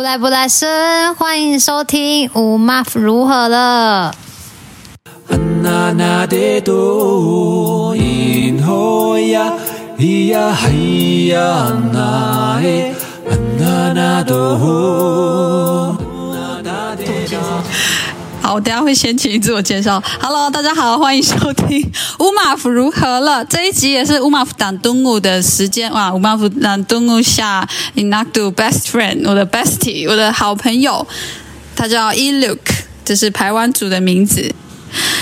不萊不萊斯，歡迎收聽《Umav 如何了》嗯。我等下會先請你自我介紹。Hello，大家好，歡迎收聽 Umav 如何了這一集，也是 Umav tantungu 的時間。哇，Umav tantungu 下 Inakdo best friend，我的 bestie，我的好朋友，他叫 Iljuk，這是排灣族的名字。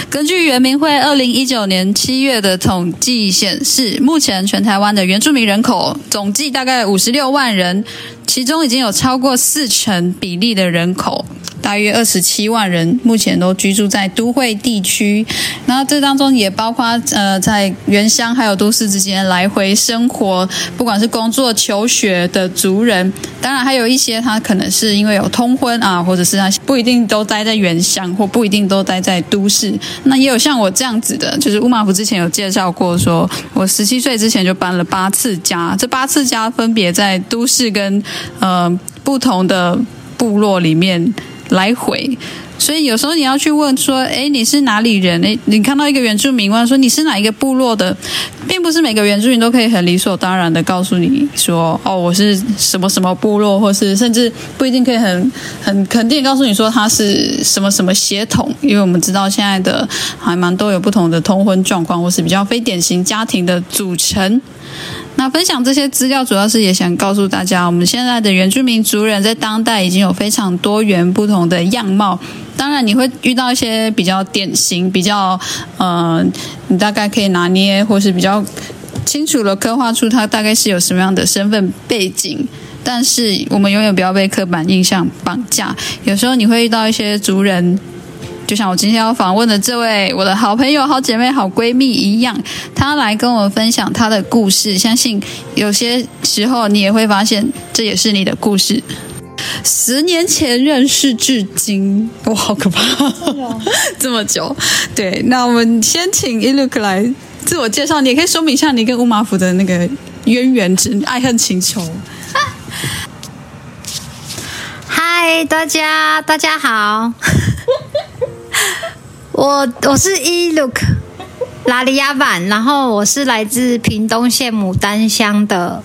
根據原民會二零一九年七月的統計顯示，目前全台灣的原住民人口總計大概五十六萬人。其中已經有超過四成比例的人口，大約二十七萬人，目前都居住在都會地區。那這當中也包括呃，在原鄉還有都市之間來回生活，不管是工作、求學的族人，當然還有一些他可能是因為有通婚啊，或者是他不一定都待在原鄉，或不一定都待在都市。那也有像我這樣子的，就是 Umav 之前有介紹過說，說我十七歲之前就搬了八次家，這八次家分別在都市跟呃，不同的部落裡面來回，所以有時候你要去問說，哎、欸，你是哪裡人？誒、欸，你看到一個原住民，問說你是哪一個部落的，並不是每個原住民都可以很理所當然的告訴你說，哦，我是什麼什麼部落，或是甚至不一定可以很很肯定告訴你說他是什麼什麼血統，因為我們知道現在的還蠻多有不同的通婚狀況，或是比較非典型家庭的組成。那分享這些資料，主要是也想告訴大家，我們現在的原住民族人在當代已經有非常多元不同的樣貌。當然，你會遇到一些比較典型、比較呃，你大概可以拿捏，或是比較清楚的刻畫出他大概是有什麼樣的身份背景。但是，我們永遠不要被刻板印象綁架。有時候你會遇到一些族人。就像我今天要訪問的這位，我的好朋友、好姐妹、好閨蜜一樣，她來跟我分享她的故事。相信有些時候你也會發現，這也是你的故事。十年前認識至今，哇，好可怕，這， 這麼久。對，那我們先請 Iljuk 來自我介紹，你也可以說明一下你跟 Umav 的那個淵源之愛恨情仇。嗨、啊，Hi, 大家，大家好。我我是 Iljuk 拉里亞版，然後我是來自屏東縣牡丹鄉的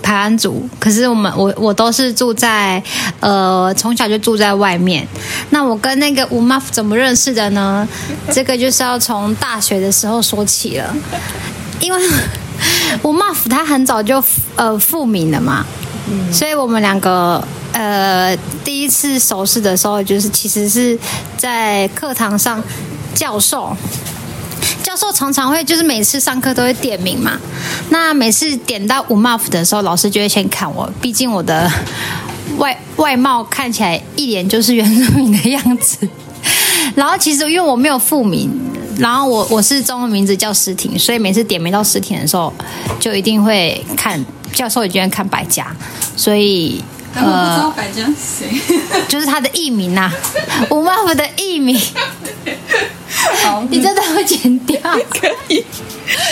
排灣族，可是我們我我都是住在呃從小就住在外面。那我跟那個 Umav 怎麼認識的呢？這個就是要從大學的時候說起了，因為 Umav 他很早就呃復名了嘛，所以我們兩個。呃，第一次熟識的時候，就是其實是在課堂上，教授教授常常會就是每次上課都會點名嘛。那每次點到 Umav 的時候，老師就會先看我，畢竟我的外外貌看起來一臉就是原住民的樣子。然後其實因為我沒有復名，然後我我是中文名字叫詩婷，所以每次點名到詩婷的時候，就一定會看，教授也居然看百家，所以。不知道呃，白江水就是他的藝名吶、啊，五 毛的藝名。 你真的會剪掉？ 可以，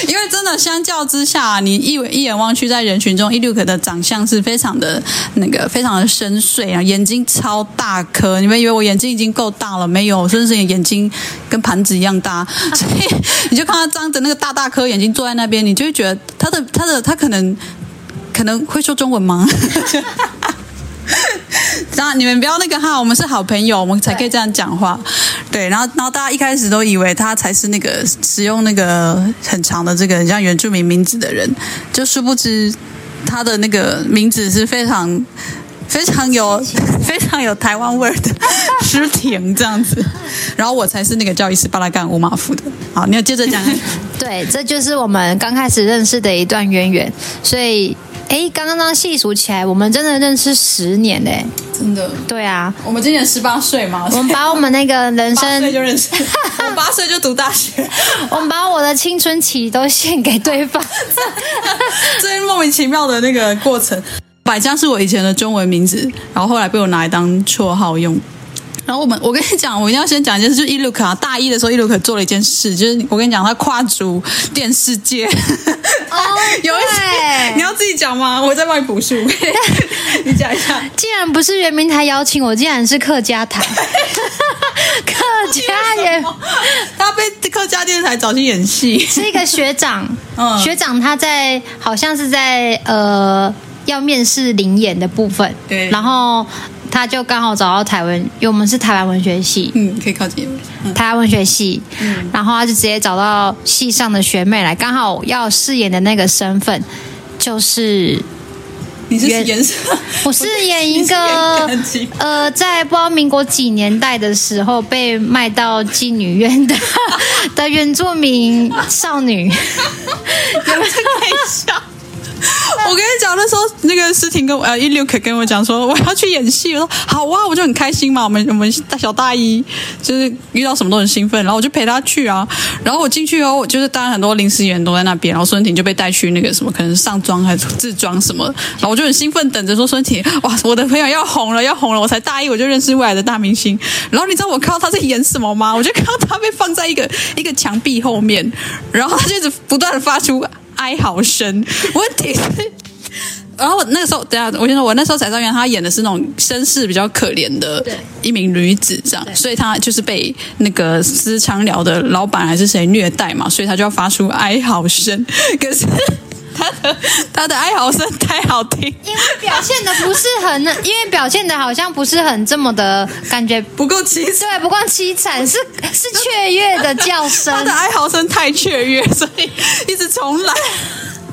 因為真的相較之下，你一一眼望去，在人群中，伊六克的長相是非常的，那個非常的深邃，啊，眼睛超大顆。你們以為我眼睛已經夠大了？沒有，我甚至眼睛跟盤子一樣大。所以你就看他張着那個大大顆眼睛坐在那邊，你就會覺得他的他的他可能可能會說中文嗎？ 那 你們不要那個哈，我們是好朋友，我們才可以這樣講話。對。對，然後，然後大家一開始都以為他才是那個使用那個很長的這個很像原住民名字的人，就殊不知他的那個名字是非常非常有 非常有台灣味的詩婷 這樣子。然後我才是那個叫伊斯巴拉干烏馬夫的。好，你要接着講。 對，這就是我們剛開始認識的一段淵源，所以。哎，剛剛那細數起來，我們真的認識十年嘞！真的，對啊，我們今年十八歲嘛。我們把我們那個人生，歲就認識 我八歲就讀大學，我們把我的青春期都獻給對方。 最,莫 最莫名其妙的那個過程，百家是我以前的中文名字，然後後來被我拿來當綽號用。我們，我跟你講，我一定要先講一件事，就是伊魯卡大一的時候，伊魯卡做了一件事，就是我跟你講，他跨足電視界哦，oh, 有一些你要自己講嗎？我在外補數， 你講一下。竟然不是原民台邀請我，竟然是客家台， 客家也，他被客家電視台找去演戲，是一個學長，嗯、學長他在好像是在呃要面試臨演的部分，對，然後。他就剛好找到台灣，因為我們是台灣文學系，嗯，可以靠近，嗯。台灣文學系，嗯，然後他就直接找到系上的學妹來，剛好要飾演的那個身份就是，你是？ 你是演什麼？我是演一個呃，在不知道民國幾年代的時候被賣到妓女院的的原住民少女，你們是可以笑？？ 我跟你講，那時候那個詩婷跟我呃、啊、Iljuk 跟我講說我要去演戲，我說好啊，我就很開心嘛。我們我們小大一就是遇到什麼都很興奮，然後我就陪他去啊。然後我進去後，就是當然很多臨時演員都在那邊，然後詩婷就被帶去那個什麼，可能上妝還是自妝什麼，然後我就很興奮等着說詩婷，哇，我的朋友要紅了，要紅了，我才大一我就認識未來的大明星。然後你知道我看到他在演什麼嗎？我就看到他被放在一個一個牆壁後面，然後他就一直不斷的發出。哀嚎聲，問題是， 然後我那個時候，等下我先說，我那時候彩妝員，他演的是那種身世比較可憐的一名女子，這樣，所以他就是被那個私娼寮的老板還是誰虐待嘛，所以他就要發出哀嚎聲，可是。 他的他的哀嚎聲太好聽，因為表現的不是很， 因為表現的好像不是很這麼的感覺不夠悽慘，對，不夠悽慘，是是雀躍的叫聲他的。他的哀嚎聲太雀躍，所以一直重來。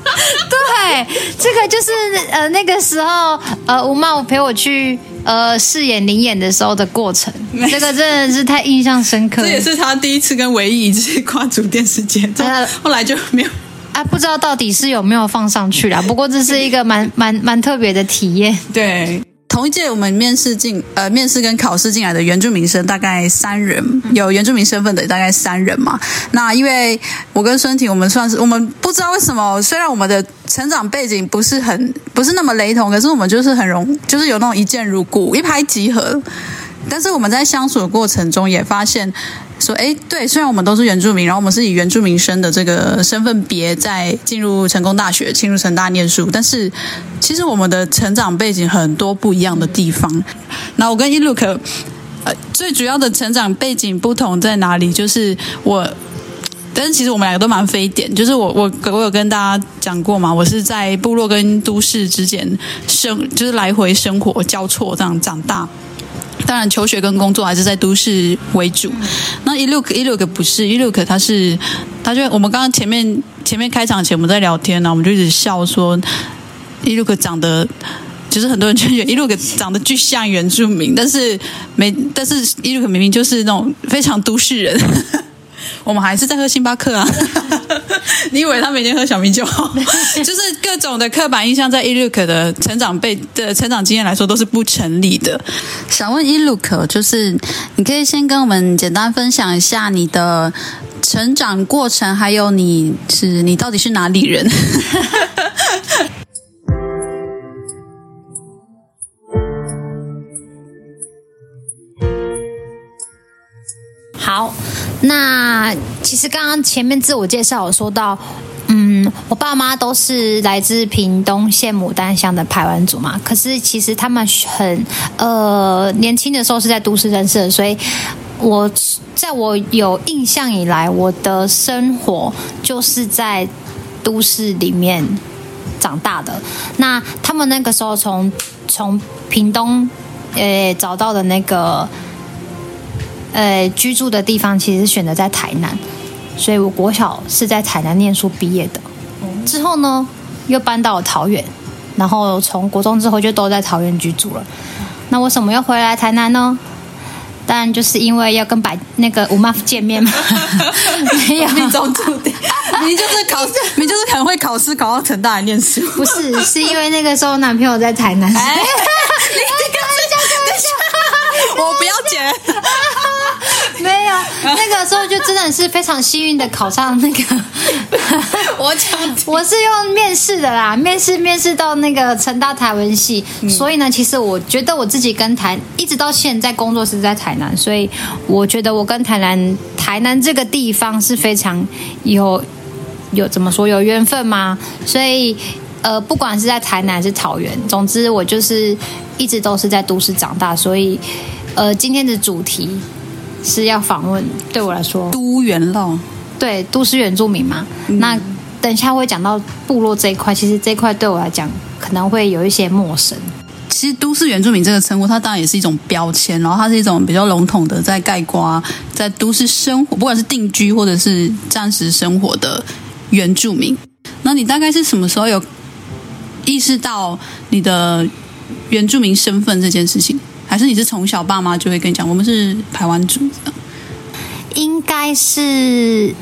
對，這個就是呃那個時候呃 Umav 陪我去呃飾演林演的時候的過程，這個真的是太印象深刻了。這也是他第一次跟唯一一次跨出電視節目，嗯、後來就沒有。不知道到底是有沒有放上去啦。不過這是一個蠻蠻蠻，蠻特別的體驗。對，同一屆我們面試進呃，面試跟考試進來的原住民生大概三人，有原住民身份的大概三人嘛。那因為我跟詩婷，我們算是我們不知道為什麼，雖然我們的成長背景不是很，不是那麼雷同，可是我們就是很容，就是有那種一見如故，一拍即合。但是我們在相處的過程中也發現。說哎，對，雖然我們都是原住民，然後我們是以原住民生的這個身份別在進入成功大學，進入成大念書，但是其實我們的成長背景很多不一樣的地方。那我跟 Iljuk 呃，最主要的成長背景不同在哪裡？就是我，但是其實我們兩個都蠻非典，就是我我我有跟大家講過嘛，我是在部落跟都市之間生，就是來回生活交錯這樣長大。當然，求學跟工作還是在都市為主。那 Iljuk，Iljuk 不是 Iljuk。e、他是，他就我們剛剛前面前面開場前我們在聊天呢，然後我們就一直笑說，Iljuk 長得，就是很多人就覺得 Iljuk 長得巨像原住民，但是沒，但是 Iljuk 明明就是那種非常都市人。我們還是在喝星巴克啊！ 你以為他每天喝小米酒？就是各種的刻板印象，在 Iljuk 的成長背的成長經驗來說，都是不成立的。想問 Iljuk，就是你可以先跟我們簡單分享一下你的成長過程，還有你是你到底是哪裡人？ 好。那其實剛剛前面自我介紹有說到，嗯，我爸媽都是來自屏東縣牡丹鄉的排灣族嘛。可是其實他們很呃年輕的時候是在都市認識的，所以我在我有印象以來，我的生活就是在都市裡面長大的。那他們那個時候從從屏東誒，欸，找到的那個。呃，居住的地方其實選擇在台南，所以我國小是在台南念書畢業的。之後呢，又搬到了桃園，然後從國中之後就都在桃園居住了。嗯、那為什麼又回來台南呢？哦。當然就是因為要跟白那個 Umav 見面嘛。沒 有命中注定，你就是考， 你就是可能、就是、 會考試考到成大來念書。 不是，是因為那個時候男朋友在台南。 哎、你這個是叫我不要剪。 沒有，那個時候就真的是非常幸運的考上那個。我 講我是用面試的啦，面試面試到那個成大台文系，嗯，所以呢，其實我覺得我自己跟台一直到現在工作是在台南，所以我覺得我跟台南台南這個地方是非常有有怎麼說有緣分嗎？所以呃，不管是在台南還是桃園，總之我就是一直都是在都市長大，所以呃，今天的主題。是要訪問，對我來說，都元原對都市原住民嘛，嗯？那等一下會講到部落這一塊，其實這一塊對我來講可能會有一些陌生。其實都市原住民這個稱呼，它當然也是一種標籤，然後它是一種比較籠統的，在概括，在都市生活，不管是定居或者是暫時生活的原住民。那你大概是什麼時候有意識到你的原住民身份這件事情？還是你是從小爸媽就會跟你講，我們是排灣族的？應該是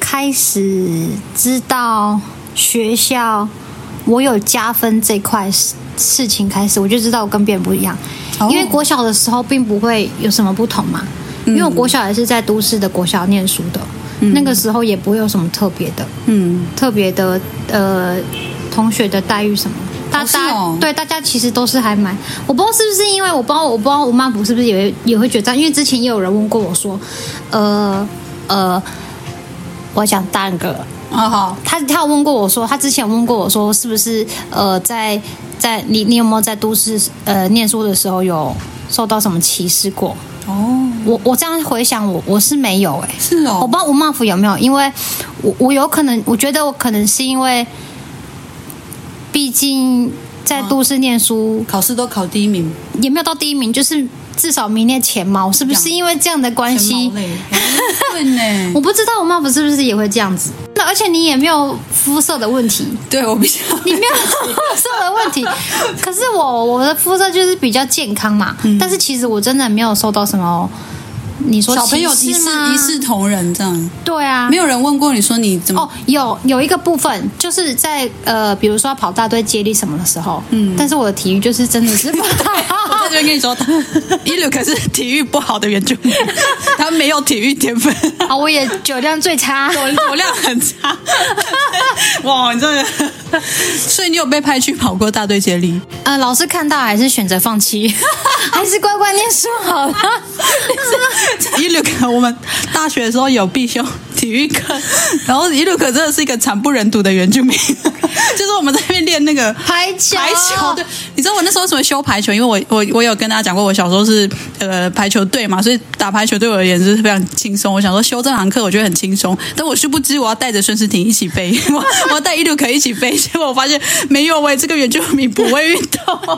開始知道學校我有加分這塊事情開始，我就知道我跟別人不一樣。哦、因為國小的時候並不會有什麼不同嘛，嗯、因為我國小也是在都市的國小念書的、嗯，那個時候也不會有什麼特別的，嗯，特別的呃，同學的待遇什麼。大家、哦哦、對大家其實都是還蠻，我不知道是不是因為我不知道，我不知道 Umav 是不是也也會覺得，因為之前也有人問過我說，呃呃，我講 Dan 哥，哦、他他有問過我說，他之前有問過我說，是不是呃在在你你有沒有在都市呃念書的時候有受到什麼歧視過？哦，我我這樣回想我我是沒有哎，欸，是哦，我不知道 Umav 有沒有，因為我我有可能我覺得我可能是因為。畢竟在都市念書，啊、考試都考第一名，也沒有到第一名，就是至少名列前茅，是不是？因為這樣的關係，欸、 我不知道我媽媽是不是也會這樣子。那、啊、而且你也沒有膚色的問題，對，我不知道你沒有膚色的問題，嗯、可是我我的膚色就是比較健康嘛、嗯。但是其實我真的沒有受到什麼。你說，你說小朋友是一視一視同仁這樣？對啊，沒有人問過你說你怎麼？哦、oh，有有一個部分就是在呃，比如說跑大隊接力什麼的時候，嗯，但是我的體育就是真的是不太好， 我在這邊跟你說，伊 魯可是體育不好的原住民， 他沒有體育天分啊，oh, 我也酒量最差，酒酒量很差， 哇，你這。所以你有被派去跑過大隊接力？呃，老師看到還是選擇放棄， 還是乖乖念書好了。 Iljuk< 你是> 我們大學的時候有必修。體育課，然後一路可真的是一個慘不忍睹的原住民。就是我們在那邊練那個排球。排球，對。你知道我那時候為什麼修排球？因為我我我有跟大家講過，我小時候是呃排球隊嘛，所以打排球對我而言是非常輕鬆。我想說修這堂課我覺得很輕鬆，但我殊不知我要帶着孫詩婷一起飛，我我要帶一路可一起飛，結果我發現沒有喂，這個原住民不會運動。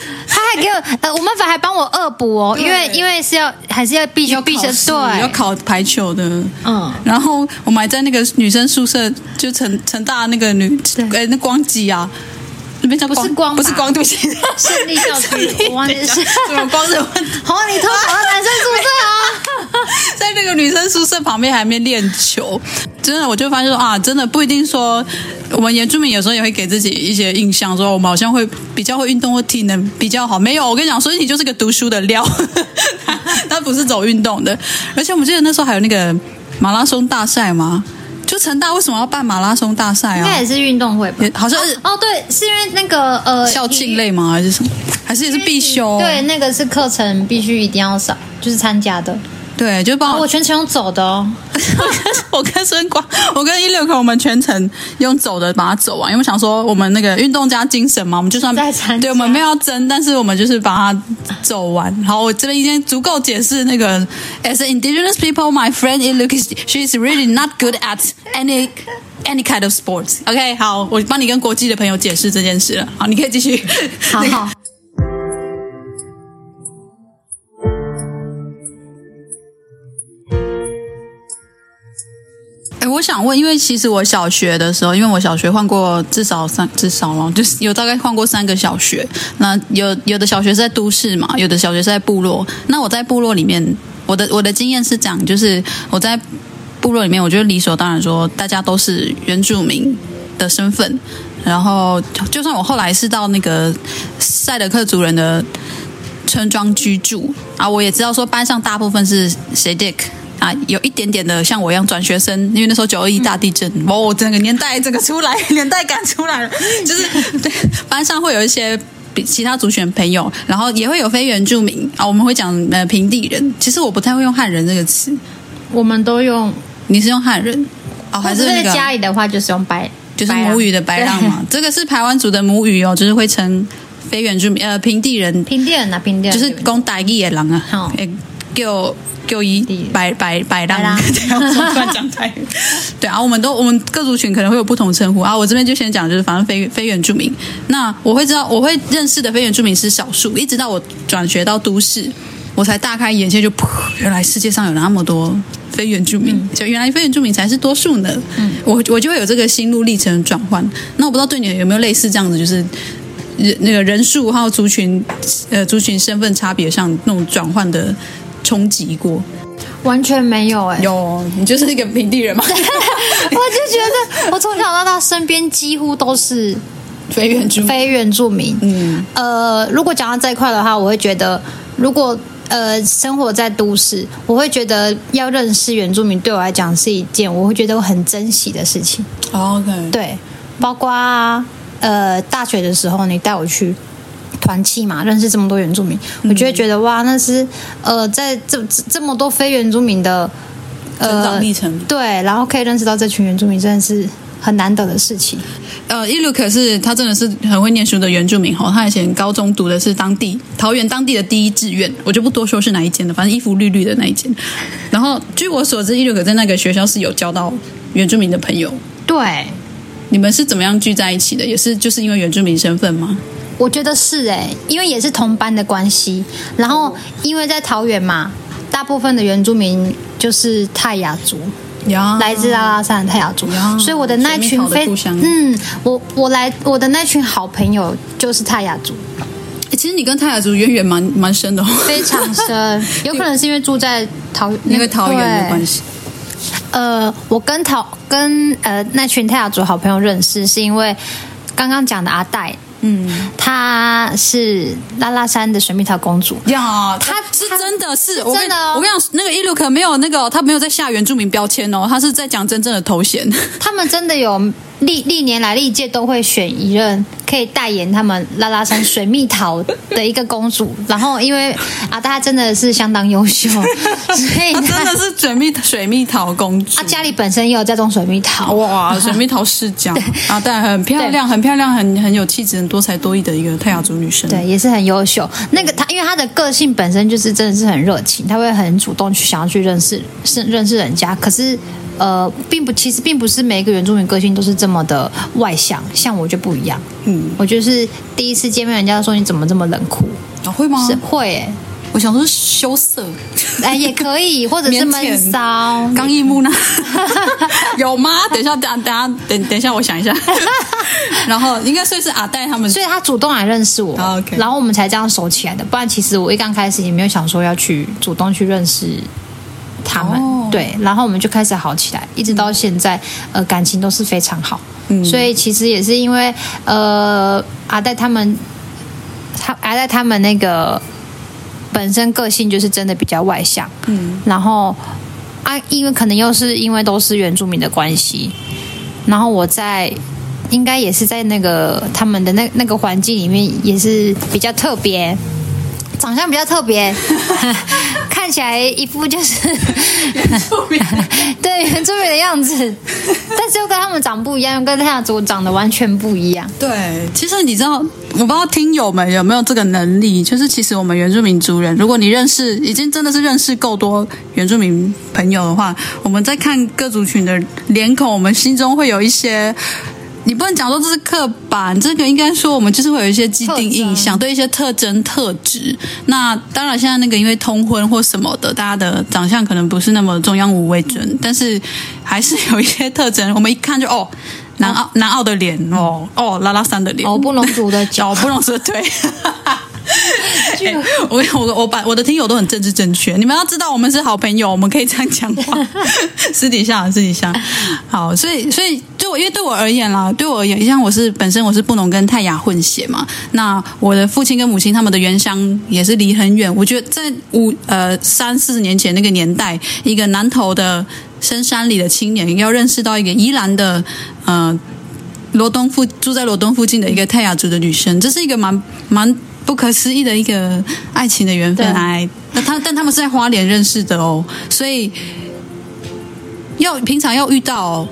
他還給我，呃，我們反正還幫我惡補哦，因為因為是要還是要必修必修對，要考排球的，嗯，然後我們還在那個女生宿舍，就成成大那個女，哎、欸，那光機啊，那邊叫光不是光不是光度機，是勝利校，我忘記是。怎光着問？好，你偷跑到男生宿舍啊，哦？ 在那個女生宿舍旁邊，還沒練球，真的，我就發現說啊，真的不一定說我們原住民有時候也會給自己一些印象，說我們好像會比較會運動或體能比較好。沒有，我跟你講，所以你就是個讀書的料，他他不是走運動的。而且我們記得那時候還有那個馬拉松大賽嘛，就成大為什麼要辦馬拉松大賽啊？應該也是運動會，好像是哦，對，是因為那個呃校慶類嗎？還是什麼？還是也是必修？對，那個是課程必須一定要上，就是參加的。對，就幫我，哦、我全程用走的哦。 我跟孫廣，我跟 Iljuk，我們全程用走的把它走完，因為我想說我們那個運動家精神嘛，我們就算，對，我們沒有要爭，但是我們就是把它走完。好，我這邊已經足夠解釋那個。As indigenous people, my friend Iljuk, she is really not good at any any kind of sports. OK，好，我幫你跟國際的朋友解釋這件事了。好，你可以繼續。好 好。好我想問，因為其實我小學的時候，因為我小學換過至少三至少了，就是有大概換過三個小學。那有有的小學是在都市嘛，有的小學是在部落。那我在部落裡面，我的我的經驗是講，就是我在部落裡面，我覺得理所當然說大家都是原住民的身份。然後，就算我後來是到那個賽德克族人的村莊居住啊，我也知道說班上大部分是 Sediq。啊，有一點點的像我一樣轉學生，因為那時候九二一大地震，嗯、哦，整個年代整個出來年代感出來了，就是對班上會有一些比其他族群朋友，然後也會有非原住民啊、哦，我們會講呃平地人，其實我不太會用漢人這個詞，我們都用你是用漢人哦我用，還是用、那個、家裡的話就是用白，就是母語的白浪,白浪嘛，這個是排灣族的母語哦，就是會稱非原住民呃平地人平地人啊平地人，就是講台語的人啊。好欸就就一白白白浪，這樣 對啊，我們都我們各族群可能會有不同的稱呼啊。我這邊就先講，就是反正非非原住民。那我會知道，我會認識的非原住民是少數，一直到我轉學到都市，我才大開眼界就，就原來世界上有那麼多非原住民，嗯、就原來非原住民才是多數呢。嗯、我我就會有這個心路歷程轉換。那我不知道對你有沒有類似這樣子，就是人那個人數還有族群呃族群身份差別上那種轉換的。衝擊過，完全沒有哎、欸，有、哦、你就是那個平地人嗎？ 我就覺得我從小到大身邊幾乎都是非原住民非原住民。嗯呃，如果講到這一塊的話，我會覺得如果呃生活在都市，我會覺得要認識原住民對我來講是一件我會覺得我很珍惜的事情、Oh, okay. 對，包括呃大學的時候你帶我去，團契嘛，認識這麼多原住民，我就會覺得哇，那是呃，在這這麼多非原住民的、呃、成長歷程，對，然後可以認識到這群原住民，真的是很難得的事情。呃，伊魯克是他真的是很會念書的原住民吼，他以前高中讀的是當地桃園當地的第一志願，我就不多說是哪一間了，反正衣服綠綠的那一間。然後據我所知，伊魯克在那個學校是有交到原住民的朋友。對，你們是怎麼樣聚在一起的？也是就是因為原住民身份嗎？我覺得是哎、欸，因為也是同班的關係，然後因為在桃園嘛，大部分的原住民就是泰雅族，來自拉拉山的泰雅族，所以我的那群非嗯，我我來我的那群好朋友就是泰雅族。欸、其實你跟泰雅族淵源蠻蠻深的。哦，非常深，有可能是因為住在桃，因為、那個、桃園的關係。呃，我跟桃跟呃那群泰雅族好朋友認識，是因為剛剛講的阿黛。嗯，她是拉拉山的水蜜桃公主呀，yeah，她是真的是，真的，我跟你講，那個 Iljuk 沒有那個，他沒有在下原住民標籤哦，他是在講真正的頭銜，他們真的有。歷歷年來，歷屆都會選一任可以代言他們拉拉山水蜜桃的一個公主。然後，因為啊，大家真的是相當優秀，所以她，她真的是水蜜水蜜桃公主。她、啊、家裡本身也有在種水蜜桃，哦，哇，水蜜桃世家。啊，後，然很漂亮，很漂亮，很很有氣質，很多才多藝的一個泰雅族女生。對，也是很優秀。那個她，因為她的個性本身就是真的是很熱情，她會很主動去想要去認識、認認識人家。可是。呃，並不，其實並不是每一個原住民個性都是這麼的外向，像我就不一樣。嗯，我就是第一次見面，人家說你怎麼這麼冷酷？啊，會嗎？是會、欸。我想說是羞澀。哎、欸，也可以，或者是悶騷、剛毅木訥？ 有嗎？等一下，等，等下，等等一下，我想一下。 然後應該算是阿呆他們，所以他主動來認識我，oh, okay. 然後我們才這樣熟起來的。不然其實我一剛開始也沒有想說要去主動去認識。他們對，然後我們就開始好起來，一直到現在，呃，感情都是非常好。嗯，所以其實也是因為，呃，阿黛他們，他阿黛他們那個本身個性就是真的比較外向，嗯，然後啊，因為可能又是因為都是原住民的關係，然後我在應該也是在那個他們的那那個環境裡面也是比較特別，長相比較特別。 起來一副就是原住民，對原住民的樣子，但是又跟他們長不一樣，跟他的族長得完全不一樣。對，其實你知道，我不知道聽友們有沒有這個能力，就是其實我們原住民族人，如果你認識，已經真的是認識夠多原住民朋友的話，我們在看各族群的臉孔，我們心中會有一些。你不能講說這是刻板，這個應該說我們就是會有一些既定印象，對一些特徵特質。那當然現在那個因為通婚或什麼的，大家的長相可能不是那麼中央五位準，嗯，但是還是有一些特徵，我們一看就哦，南澳，哦，南澳的臉哦，嗯，哦拉拉山的臉，哦布農族的腳，布農族的腿。 哎、我我我把我的聽友都很政治正確，你們要知道我們是好朋友，我們可以這樣講話，私底下私底下。好，所以所以對我，因為對我而言啦，對我而言，像我是本身我是布農跟泰雅混血嘛，那我的父親跟母親他們的原鄉也是離很遠。我覺得在五呃三四十年前那個年代，一個南投的深山裡的青年要認識到一個宜蘭的呃羅東附住在羅東附近的一個泰雅族的女生，這是一個蠻蠻。不可思議的一個愛情的緣分來，那他但他們是在花蓮認識的哦，所以要平常要遇到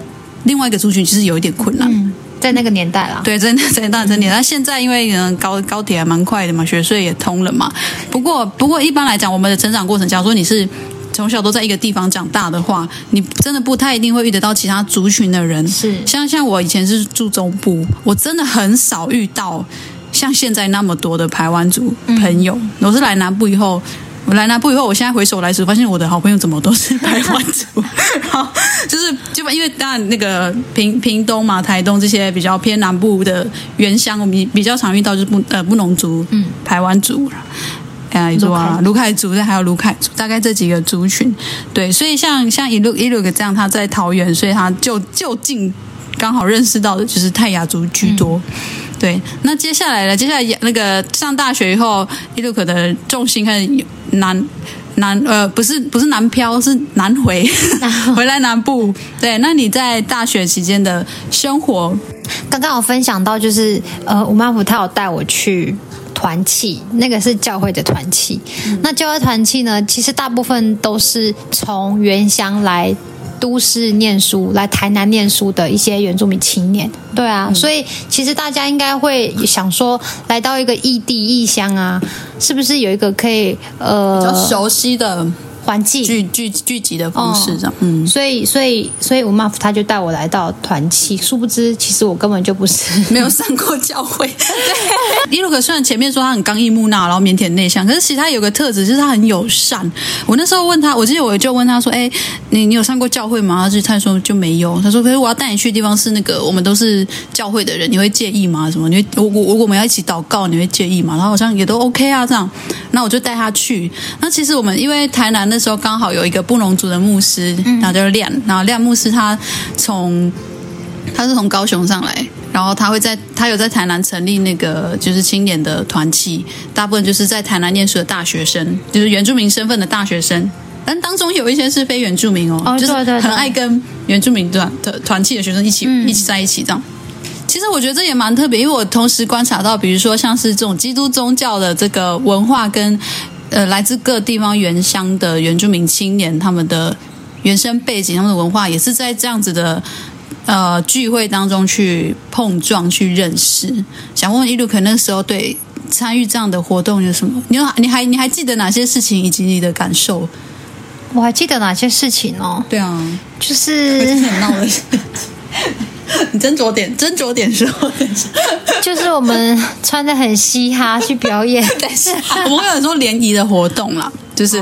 另外一個族群，其實有一點困難、嗯。在那個年代啦，對，在那、在那、在那個年代。那、嗯、現在因為嗯高高鐵還蠻快的嘛，雪隧也通了嘛。不過不過一般來講，我們的成長過程，假如你是從小都在一個地方長大的話，你真的不太一定會遇得到其他族群的人。是像像我以前是住中部，我真的很少遇到。像現在那麼多的排灣族朋友、嗯，我是來南部以後，我來南部以後，我現在回首來時，發現我的好朋友怎麼都是排灣族， 就是基本因為當然那個屏屏東嘛、台東這些比較偏南部的原鄉，我們比較常遇到就是不呃布農族,族、嗯排灣族了，啊魯凱啊，魯凱族，然後還有魯凱族，大概這幾個族群。對，所以像像 Iljuk、Iljuk 的這樣，他在桃園，所以他就就近。剛好認識到的就是泰雅族居多，嗯，對。那接下來呢？接下來那個上大學以後，伊露可的重心看南南，呃，不是不是南漂，是南回 回來南部。對。那你在大學期間的生活，剛剛我分享到就是呃，五媽婆她有帶我去團契，那個是教會的團契，嗯。那教會團契呢，其實大部分都是從原鄉來。都市念書來台南念書的一些原住民青年，對啊，嗯、所以其實大家應該會想說，來到一個異地異鄉啊，是不是有一個可以呃比較熟悉的？環境，聚聚聚集的方式這樣，oh, 嗯，所以所以所以我媽她他就帶我來到團契，殊不知其實我根本就不是沒有上過教會。伊 對 魯克雖然前面說他很剛毅木訥，然後靦腆內向，可是其實他有個特質就是他很友善。我那時候問他，我記得我就問他說：“哎、欸，你你有上過教會嗎？”他就他說就沒有。他說：“可是我要帶你去的地方是那個我們都是教會的人，你會介意嗎？什麼？你會我我我們要一起禱告，你會介意嗎？”然後好像也都 OK 啊，這樣，那我就帶他去。那其實我們因為台南的。那時候剛好有一個布農族的牧師，嗯、叫 Lian, 然後就是亮，然後亮牧師他從他是從高雄上來，然後他會在他有在台南成立那個就是青年的團契，大部分就是在台南念書的大學生，就是原住民身份的大學生，但當中有一些是非原住民哦，哦就是很愛跟原住民團的團契的學生一起、嗯、一起在一起這樣。其實我覺得這也蠻特別，因為我同時觀察到，比如說像是這種基督宗教的這個文化跟。呃，來自各地方原鄉的原住民青年，他們的原生背景、他們的文化，也是在這樣子的呃聚會當中去碰撞、去認識。想問問伊魯可，那個時候對參與這樣的活動有什麼？你還你還你還記得哪些事情以及你的感受？我還記得哪些事情哦？對啊，就是，還是很鬧的 你斟酌點，斟酌點說。就是我們穿得很嘻哈去表演， 但是 我們會有很多聯誼的活動啦，就是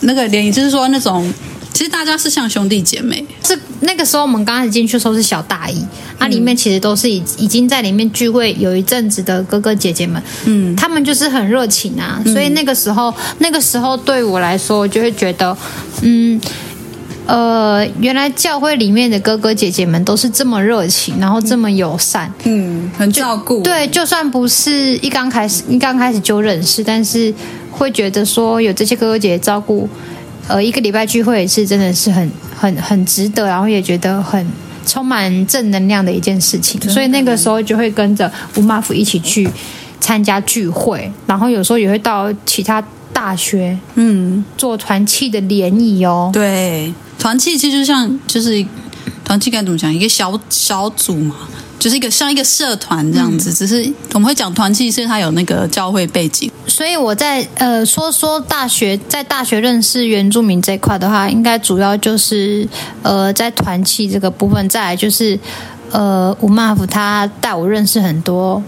那個聯誼，就是說那種，其實大家是像兄弟姐妹。那個時候我們剛開始進去的時候是小大一、嗯，啊裡面其實都是已已經在裡面聚會有一陣子的哥哥姐姐們，嗯，他們就是很熱情啊，所以那個時候，嗯、那個時候對我來說我就會覺得，嗯。呃，原來教會裡面的哥哥姐姐們都是這麼熱情，嗯、然後這麼友善，嗯，很照顧。對，就算不是一剛開始、嗯、一剛開始就認識，但是會覺得說有這些哥哥姐姐照顧，呃，一個禮拜聚會也是真的是很很很值得，然後也覺得很充滿正能量的一件事情。所以那個時候就會跟着吳 u m 一起去參加聚會，然後有時候也會到其他大學，嗯，做團契的聯誼哦，對。團契其實就像就是團契該怎麼講？一個小小組嘛，就是一個像一個社團這樣子。嗯、只是我們會講團契，是因為它有那個教會背景。所以我在呃說說大學在大學認識原住民這一塊的話，應該主要就是呃在團契這個部分，再來就是呃 Umav 他帶我認識很多。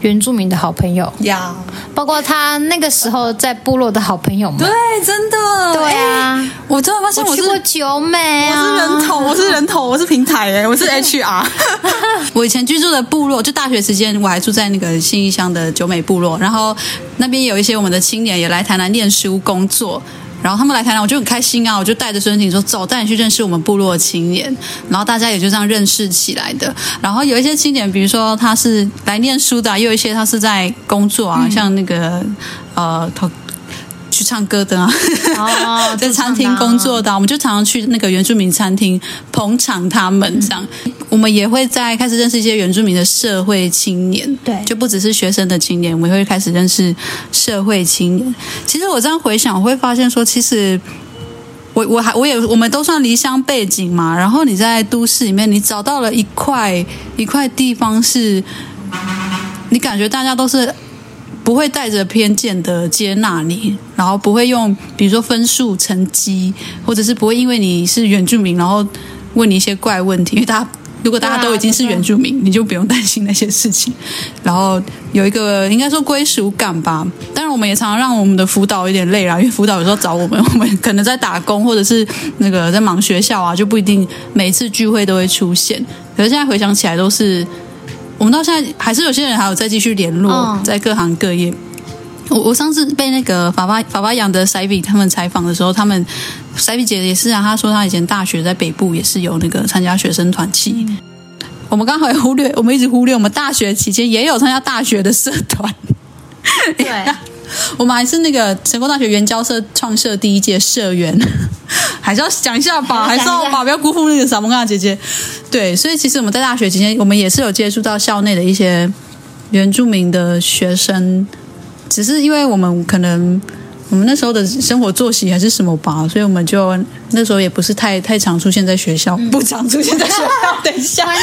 原住民的好朋友呀，yeah. 包括他那個時候在部落的好朋友們。對，真的，對啊，欸、我突然發現我是我去過九美、啊，我是人頭，我是人頭，我是平台耶、欸，我是 HR。 我以前居住的部落，就大學時間我還住在那個信義鄉的九美部落，然後那邊有一些我們的青年也來台南念書工作。然後他們來台灣，我就很開心啊！我就帶着孫景說：“走，帶你去認識我們部落的青年。”然後大家也就這樣認識起來的。然後有一些青年，比如說他是來念書的，也有一些他是在工作啊，嗯、像那個呃，去唱歌的啊，oh, 在餐廳工作的，啊的啊，我們就常常去那個原住民餐廳捧場他們這樣，嗯。我們也會在開始認識一些原住民的社會青年，對，就不只是學生的青年，我們會開始認識社會青年。其實我這樣回想，我會發現說，其實我我還我也我們都算離鄉背井嘛。然後你在都市裡面，你找到了一塊一塊地方是，是你感覺大家都是。不會帶着偏見的接納你，然後不會用比如說分數、成績，或者是不會因為你是原住民，然後問你一些怪問題。因為大家如果大家都已經是原住民，對對，你就不用擔心那些事情。然後有一個應該說歸屬感吧。當然，我們也常常讓我們的輔導有點累啦，因為輔導有時候找我們，我們可能在打工或者是那個在忙學校啊，就不一定每次聚會都會出現。可是現在回想起來，都是。我們到現在還是有些人還有在繼續聯絡，哦、在各行各業。我我上次被那個法爸法爸，爸，爸養的賽比他們採訪的時候，他們賽比姐，姐也是啊，她說她以前大學在北部也是有那個參加學生團契，嗯。我們剛好也忽略，我們一直忽略，我們大學期間也有參加大學的社團。對。 我們還是那個成功大學原教社，創社第一屆社員，還是要講一下吧，還，要還是吧，不要辜負那個傻萌娜姐姐。對，所以其實我們在大學期間，我們也是有接觸到校內的一些原住民的學生，只是因為我們可能我們那時候的生活作息還是什麼吧，所以我們就那時候也不是太太常出現在學校，不常出現在學校。嗯、等一下，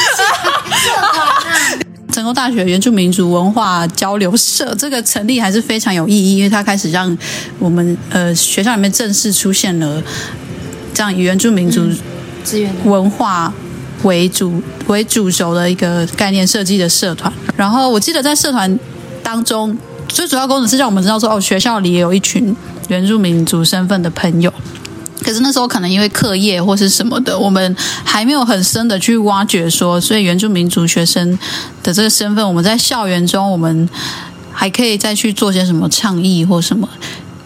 成功大學原住民族文化交流社這個成立還是非常有意義，因為它開始讓我們呃學校裡面正式出現了這樣以原住民族資源文化為主為主軸的一個概念設計的社團。然後我記得在社團當中，最主要功能是讓我們知道說，哦，學校裡也有一群原住民族身份的朋友。可是那時候可能因為課業或是什麼的，我們還沒有很深的去挖掘說，所以原住民族學生的這個身份，我們在校園中我們還可以再去做些什麼倡議或什麼。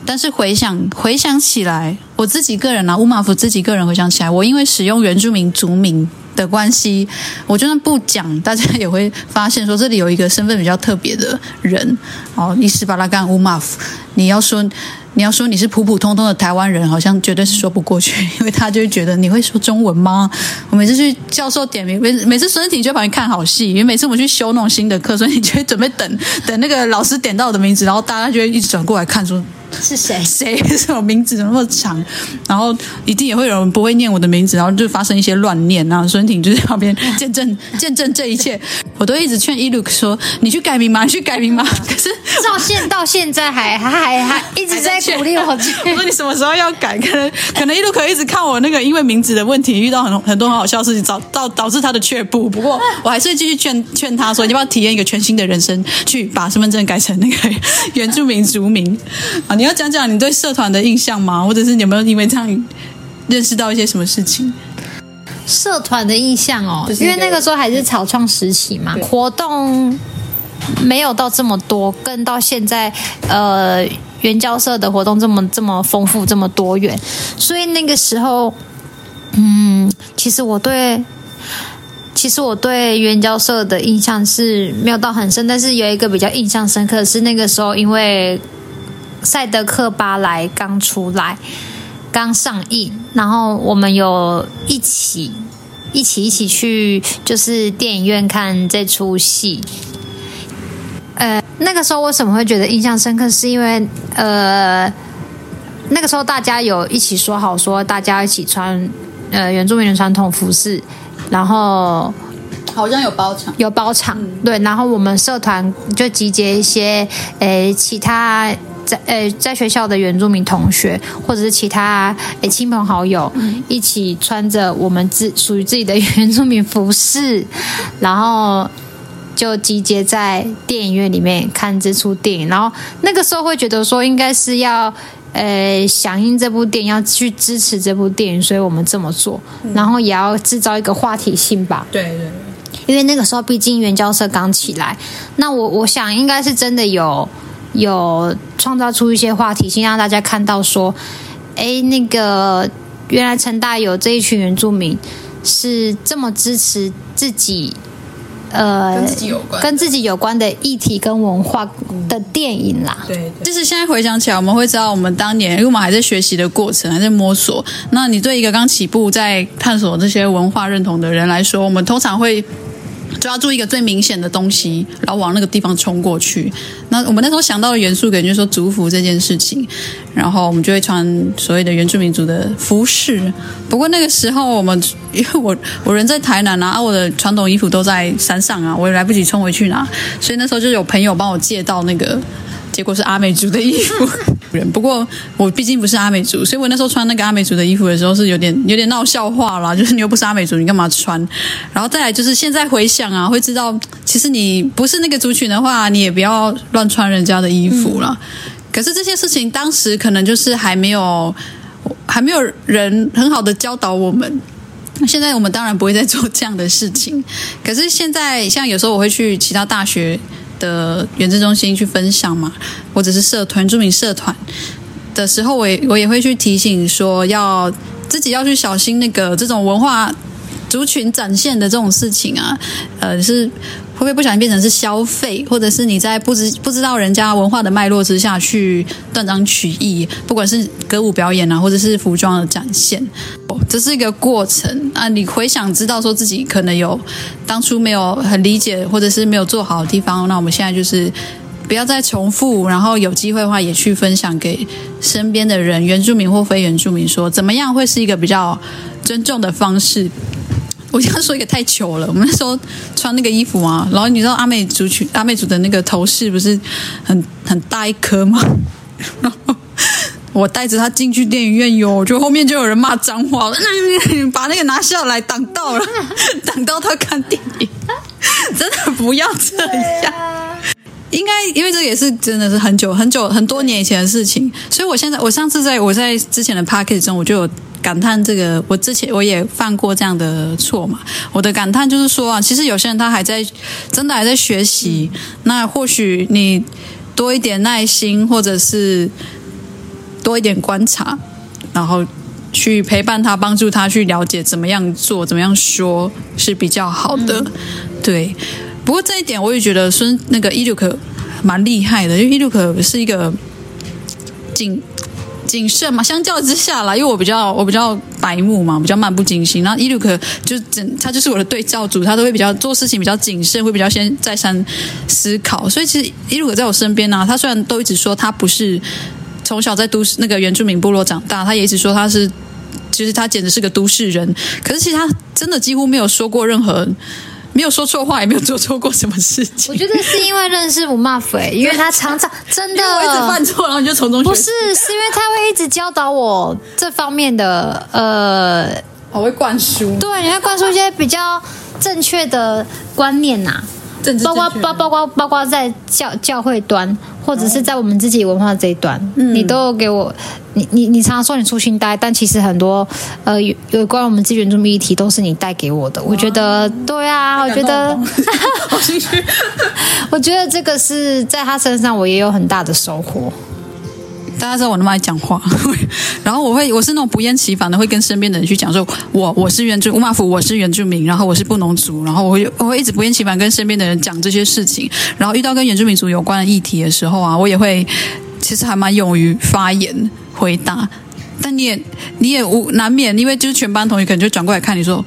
但是回想回想起來，我自己個人啊，Umav 自己個人回想起來，我因為使用原住民族名的關係，我就算不講，大家也會發現說，這裡有一個身份，比較特別的人哦，伊斯巴拉干烏瑪夫。你要說你要說你是普普通通的台灣人，好像絕對是說不過去，因為他就會覺得，你會說中文嗎？我每次去教授點名，每，每次詩婷就跑去看好戲，因為每次我們去修那種新的課，所以你就會準備等等那個老師點到我的名字，然後大家就會一直轉過來看說，是誰？誰？什麼名字怎麼那麼長？然後一定也會有人不會念我的名字，然後就發生一些亂念。然後詩婷就在旁邊見證見證這一切。我都一直勸伊魯克說：“你去改名嗎？你去改名嗎？”可是到現到現在還還還還一直在鼓勵我去。我說：“你什麼時候要改？”可能可能伊魯克一直看我那個因為名字的問題遇到很很多很好笑事情，導導導致他的卻步。不過我還是繼續勸勸他說：“你要不要體驗一個全新的人生，去把身份證改成那個原住民族名？”啊！你要講講你對社團的印象嗎？或者是你有沒有因為這樣認識到一些什麼事情？社團的印象哦，就是、因為那個時候還是草創時期嘛，嗯、活動沒有到這麼多，跟到現在呃，原教社的活動這麼這麼豐富這麼多元，所以那個時候，嗯，其實我對其實我對原教社的印象是沒有到很深，但是有一個比較印象深刻的是那個時候因為。《賽德克巴萊》剛出來，剛上映，然後我們有一起一起一起去就是電影院看這出戲。呃，那個時候為什麼會覺得印象深刻？是因為呃，那個時候大家有一起說好說大家一起穿呃原住民的傳統服飾，然後好像有包場，有包場，嗯，對，然後我們社團就集結一些誒、呃、其他。在呃、欸，在學校的原住民同學，或者是其他誒、欸、親朋好友，嗯、一起穿着我們自屬於自己的原住民服飾，然後就集結在電影院裡面看這出電影。然後那個時候會覺得說，應該是要呃、欸、響應這部電影，要去支持這部電影，所以我們這麼做，嗯、然後也要製造一個話題性吧。對對對，因為那個時候畢竟原教社剛起來，那我我想應該是真的有。有創造出一些話題，先讓大家看到說，哎，那個原來陳大有這一群原住民是這麼支持自己，呃，跟自己有關的，有關的議題跟文化的電影啦。嗯，對，對，就是現在回想起來，我們會知道我們當年，因為我們還在學習的過程，還在摸索。那你對一個剛起步在探索這些文化認同的人來說，我們通常會。抓住一個最明顯的東西，然後往那個地方衝過去。那我們那時候想到的元素，可能就是說族服這件事情，然後我們就會穿所謂的原住民族的服飾。不過那個時候，我們因為我我人在台南啊，啊，我的傳統衣服都在山上啊，我也來不及衝回去拿，所以那時候就有朋友幫我借到那個。結果是阿美族的衣服，不過我畢竟不是阿美族，所以我那時候穿那個阿美族的衣服的時候是有點有點鬧笑話啦。就是你又不是阿美族，你干嘛穿？然後再來就是現在回想啊，會知道其實你不是那個族群的話，你也不要亂穿人家的衣服啦。嗯、可是這些事情當時可能就是還沒有還沒有人很好的教導我們，現在我們當然不會再做這樣的事情。可是現在像有時候我會去其他大學的原住中心去分享嘛，或者是社團，住民社團的時候，我也我也會去提醒說要，要自己要去小心那個這種文化族群展現的這種事情啊，呃，是。會不會不小心變成是消費，或者是你在不知不知道人家文化的脈絡之下去斷章取義？不管是歌舞表演啊，或者是服裝的展現，這是一個過程啊。你回想，知道說自己可能有當初沒有很理解，或者是沒有做好的地方。那我們現在就是不要再重複，然後有機會的話，也去分享給身邊的人，原住民或非原住民說，說怎麼樣會是一個比較尊重的方式。我這樣說也太糗了。我們那時候穿那個衣服嘛，然後你知道阿美族群阿美族的那個頭飾不是很很大一顆嗎？然後我帶着他進去電影院喲，就後面就有人罵髒話了，把那個拿下來擋到了，擋到他看電影，真的不要這樣。啊、應該因為這也是真的是很久很久很多年以前的事情，所以我現在我上次在我在之前的 podcast 中我就有。感嘆這個，我之前我也犯過這樣的錯嘛。我的感嘆就是說啊，其實有些人他還在，真的還在學習。嗯、那或許你多一點耐心，或者是多一點觀察，然後去陪伴他，幫助他去了解怎麼樣做，怎麼樣說是比較好的。嗯。對，不過這一點我也覺得孫那個 Iljuk 蠻厲害的，因為 Iljuk 是一個謹慎嘛，相較之下啦，因為我比較我比較白目嘛，比較漫不經心。然後伊魯克就整他就是我的對照組，他都會比較做事情比較謹慎，會比較先再三思考。所以其實伊魯克在我身邊呢、啊，他雖然都一直說他不是從小在都市那個原住民部落長大，他也一直說他是其實、就是、他簡直是個都市人。可是其實他真的幾乎沒有說過任何。沒有說錯話，也沒有做錯過什麼事情。我覺得是因為認識 Umav 因為他常常真的。我一直犯錯，然後你就從中。不是，是因為他會一直教導我這方面的呃。我會灌輸。對，你要灌輸一些比較正確的觀念吶、啊，包括包包括包括在教教會端。或者是在我們自己文化這一段，嗯、你都給我，你你你常常說你粗心呆，但其實很多呃有有關我們自己原住民議題都是你帶給我的。我覺得對啊，我覺得， 我覺得這個是在他身上，我也有很大的收穫。大家知道我那麼愛講話， 然後我會，我是那種不厭其煩的會跟身邊的人去講，說，我我是原住，Umav，我是原住民，然後我是布農族，然後我會我會一直不厭其煩跟身邊的人講這些事情，然後遇到跟原住民族有關的議題的時候啊，我也會其實還蠻勇於發言回答，但你也你也無難免，因為就是全班同學可能就轉過來看你說。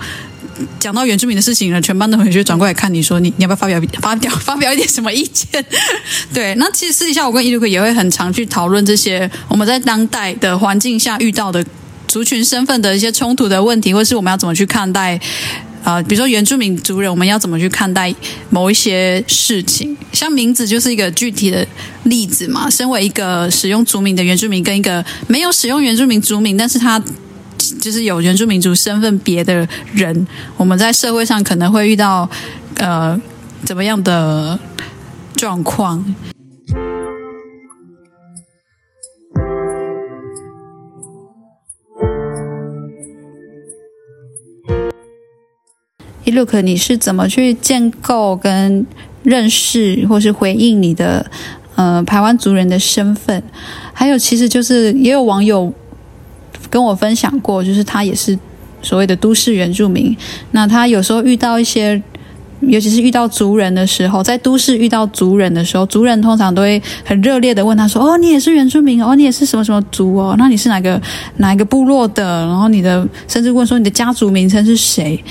講到原住民的事情了，全班的同學就轉過來看你說你你要不要發表發表發表一點什麼意見？對，那其實私底下我跟伊魯克也會很常去討論這些我們在當代的環境下遇到的族群身份的一些衝突的問題，或是我們要怎麼去看待啊、呃，比如說原住民族人，我們要怎麼去看待某一些事情？像名字就是一個具體的例子嘛。身為一個使用族名的原住民，跟一個沒有使用原住民族名，但是他。就是有原住民族身份別的人，我們在社會上可能會遇到呃怎麼樣的狀況？Iljuk，你是怎麼去建構跟認識或是回應你的呃排灣族人的身份？還有，其實就是也有網友。跟我分享過，就是他也是所謂的都市原住民。那他有時候遇到一些，尤其是遇到族人的時候，在都市遇到族人的時候，族人通常都會很熱烈的問他說：“哦，你也是原住民哦，你也是什麼什麼族哦？那你是哪個哪個部落的？然後你的甚至問說你的家族名稱是誰？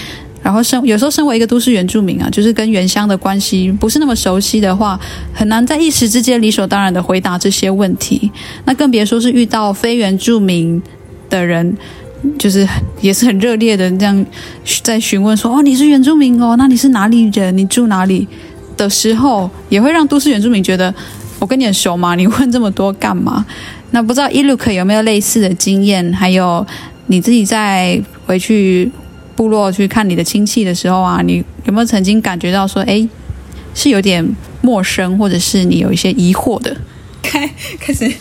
然後身有時候身為一個都市原住民啊，就是跟原鄉的關係不是那麼熟悉的話，很難在一時之間理所當然的回答這些問題。那更別說是遇到非原住民。的人，就是也是很熱烈的這樣在詢問說：“哦，你是原住民哦，那你是哪裡人？你住哪裡？”的時候，也會讓都市原住民覺得我跟你很熟嗎？你問這麼多幹嘛？那不知道 Iljuk 有沒有類似的經驗？還有你自己在回去部落去看你的親戚的時候啊，你有沒有曾經感覺到說，哎、欸，是有點陌生，或者是你有一些疑惑的？開開始。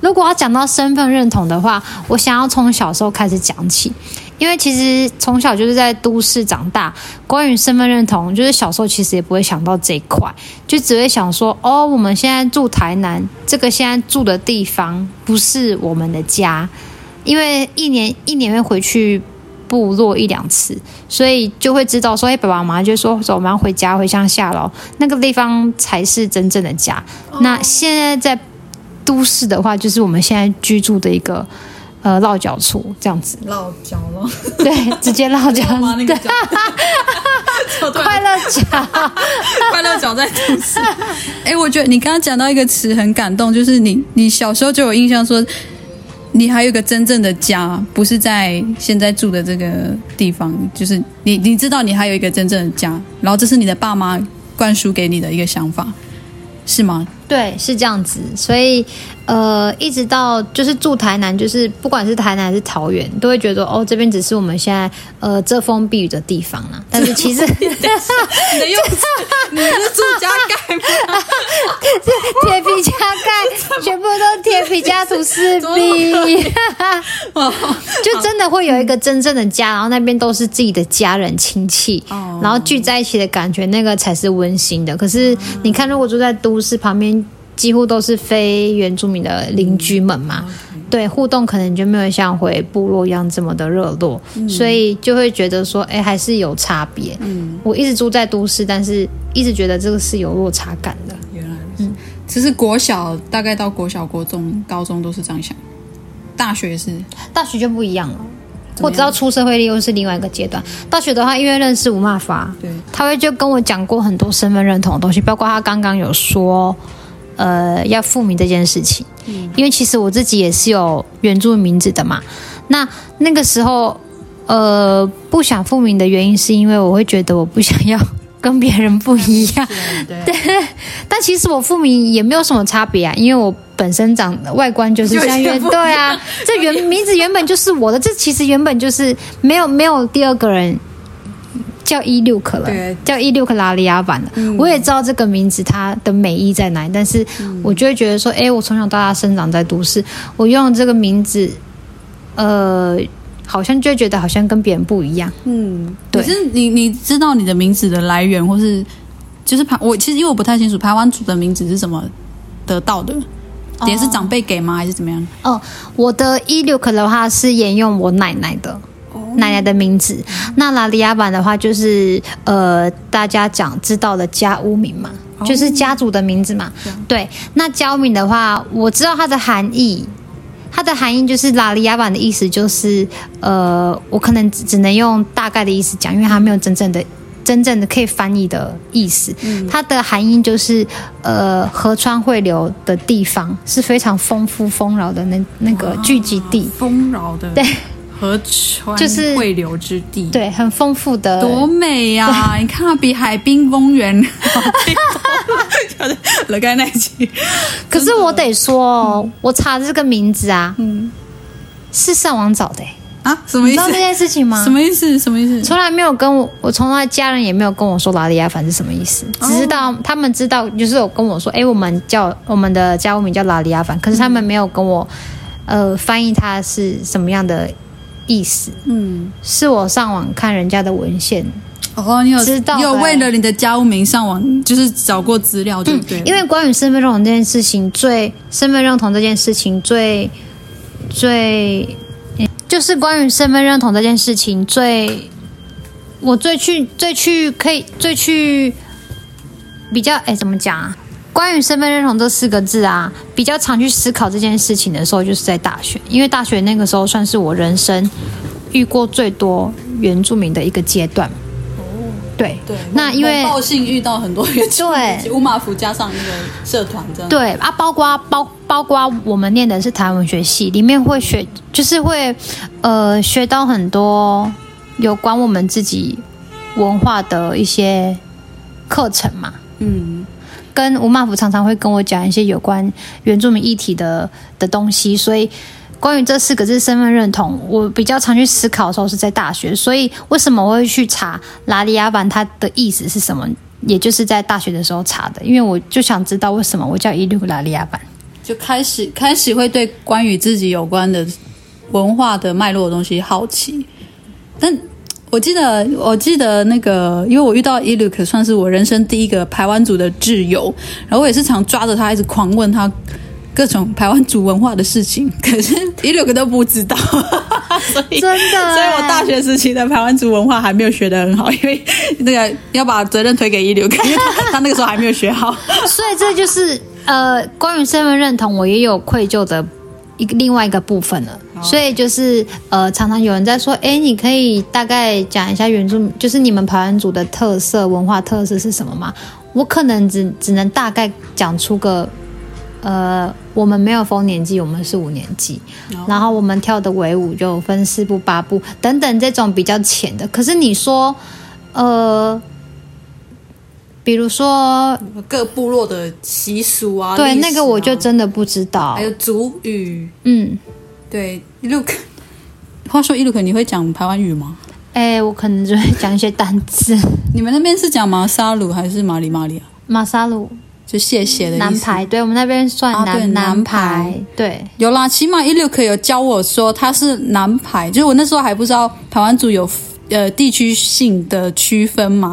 如果要講到身份認同的話，我想要從小時候開始講起，因為其實從小就是在都市長大。關於身份認同，就是小時候其實也不會想到這一塊，就只會想說：哦，我們現在住台南，這個現在住的地方不是我們的家，因為一年一年會回去部落一兩次，所以就會知道說：誒，爸爸媽媽就說：走，我們要回家，回鄉下嘍，那個地方才是真正的家。那現在在。都市的話，就是我們現在居住的一個呃落腳處，這樣子。落腳咯，對，直接落腳。快樂腳，快樂腳 在都市。哎、欸，我覺得你剛剛講到一個詞很感動，就是你你小時候就有印象說，你還有個真正的家，不是在現在住的這個地方，就是你你知道你還有一個真正的家，然後這是你的爸媽灌輸給你的一個想法，是嗎？對，是這樣子，所以，呃，一直到就是住台南，就是不管是台南還是桃園，都會覺得哦，這邊只是我們現在呃遮風避雨的地方啦、啊。但是其實，哈哈、 啊，你是住家蓋嗎？啊啊、是鐵皮家蓋、啊，全部都是鐵皮家徒四壁，哈、啊、哈、 啊，就真的會有一個真正的家，然後那邊都是自己的家人親戚，然後聚在一起的感覺，嗯、那個才是溫馨的。可是你看，如果住在都市旁邊，幾乎都是非原住民的鄰居們嘛，嗯嗯、對，互動可能就沒有像回部落一樣這麼的熱絡，嗯，所以就會覺得說，哎、欸，還是有差別。嗯，我一直住在都市，但是一直覺得這個是有落差感的。原來，嗯，其實國小大概到國小、國中、高中都是這樣想，大學是，大學就不一樣了。我知道出社會又是另外一個階段，大學的話，因為認識 Umav，對，他會就跟我講過很多身份認同的東西，包括他剛剛有說。呃，要復名這件事情，因為其實我自己也是有原住民名字的嘛。那那個時候，呃，不想復名的原因是因為我會覺得我不想要跟別人不一樣。對， 但其實我復名也沒有什麼差別啊，因為我本身長的外觀就是像原，對啊，這原名字原本就是我的，這其實原本就是沒有沒有第二個人。叫伊六克了，對，叫伊六克拉利亞版的，嗯，我也知道這個名字它的美意在哪裡，但是我就會覺得說，嗯，誒，我從小到大生長在都市，我用這個名字，呃，好像就覺得好像跟別人不一樣。嗯，對。可是你你知道你的名字的來源，或是就是排，我其實因為我不太清楚排灣族的名字是怎麼得到的？哦，也是長輩給嗎，還是怎麼樣？哦，我的伊六克的話是沿用我奶奶的。奶奶的名字，哦，那拉里亞版的話就是呃，大家講知道的家屋名嘛，哦，就是家族的名字嘛。嗯，對，那家名的話，我知道它的含義，它的含義就是拉里亞版的意思就是呃，我可能只只能用大概的意思講，因為它沒有真正的真正的可以翻譯的意思。嗯，它的含義就是呃，河川匯流的地方是非常豐富豐饒的那那個聚集地，豐饒的對。河川匯流之地，就是、對，很豐富的，多美呀，啊！你看，比海濱公園好。哈 冰尾，哈，哈，哈，哈，哈，哈，哈，可是我得說，嗯、我查這個名字啊，嗯，是上網找的，欸，啊，什麼意思？你知道這件事情嗎？什麼意思？什麼意思？從來沒有跟我，我從來家人也沒有跟我說拉里亞凡是什麼意思。哦，只知道他們知道，就是有跟我說，欸，我們叫我們的家屋名叫拉里亞凡。嗯，可是他們沒有跟我，呃，翻譯它是什麼樣的。意思，嗯，是我上網看人家的文獻。哦，你有知道，有為了你的家屋名上網，就是找過資料就對，對不對？因為關於身份認同這件事情，最身份認同這件事情最事情最，最，就是關於身份認同這件事情最，我最去最去可以最去比較，哎、欸，怎麼講啊？關於身份認同這四個字啊，比較常去思考這件事情的時候，就是在大學，因為大學那個時候算是我人生遇過最多原住民的一個階段。哦，對。對。那因為報姓遇到很多原住民，烏馬符加上一個社團這樣。對啊，包括包包括我們念的是台灣文學系，裡面會學就是會呃學到很多有關我們自己文化的一些課程嘛。嗯。跟 Umav 常常會跟我講一些有關原住民議題的的東西，所以關於這四個字身份認同，我比較常去思考的時候是在大學。所以為什麼我會去查拉利亞版？它的意思是什麼？也就是在大學的時候查的，因為我就想知道為什麼我叫一路拉利亞版，就開始開始會對關於自己有關的文化的脈絡的東西好奇，但。我記得，我記得那個，因為我遇到 Iljuk，算是我人生第一個排灣族的摯友。然後我也是常抓着他，一直狂問他各種排灣族文化的事情。可是 Iljuk 都不知道， 所以真的，所以我大學時期的排灣族文化還沒有學得很好，因為那個要把責任推給 Iljuk， 因為他那個時候還沒有學好。所以這就是 呃，關於身份認同，我也有愧疚的。一個另外一個部分了，oh. 所以就是呃，常常有人在說，哎、欸，你可以大概講一下原住民，就是你們排灣族的特色文化特色是什麼嗎？我可能只只能大概講出個，呃，我們沒有豐年祭，我們是五年祭，oh. 然後我們跳的圍舞就分四步八步等等這種比較淺的。可是你說，呃。比如說各部落的習俗啊，對啊，那個我就真的不知道。還有族語，嗯，對，伊魯克。話說伊魯克，Iljuk, 你會講排灣語嗎？哎，我可能就會講一些單字。 你們那邊是講馬薩魯還是馬里馬里啊？馬薩魯，就謝謝的意思。南排，對，我們那邊算南，啊，南，排、南排。對，有啦，起碼伊魯克有教我說他是南排，就是我那時候還不知道排灣族有呃，地區性的區分嘛，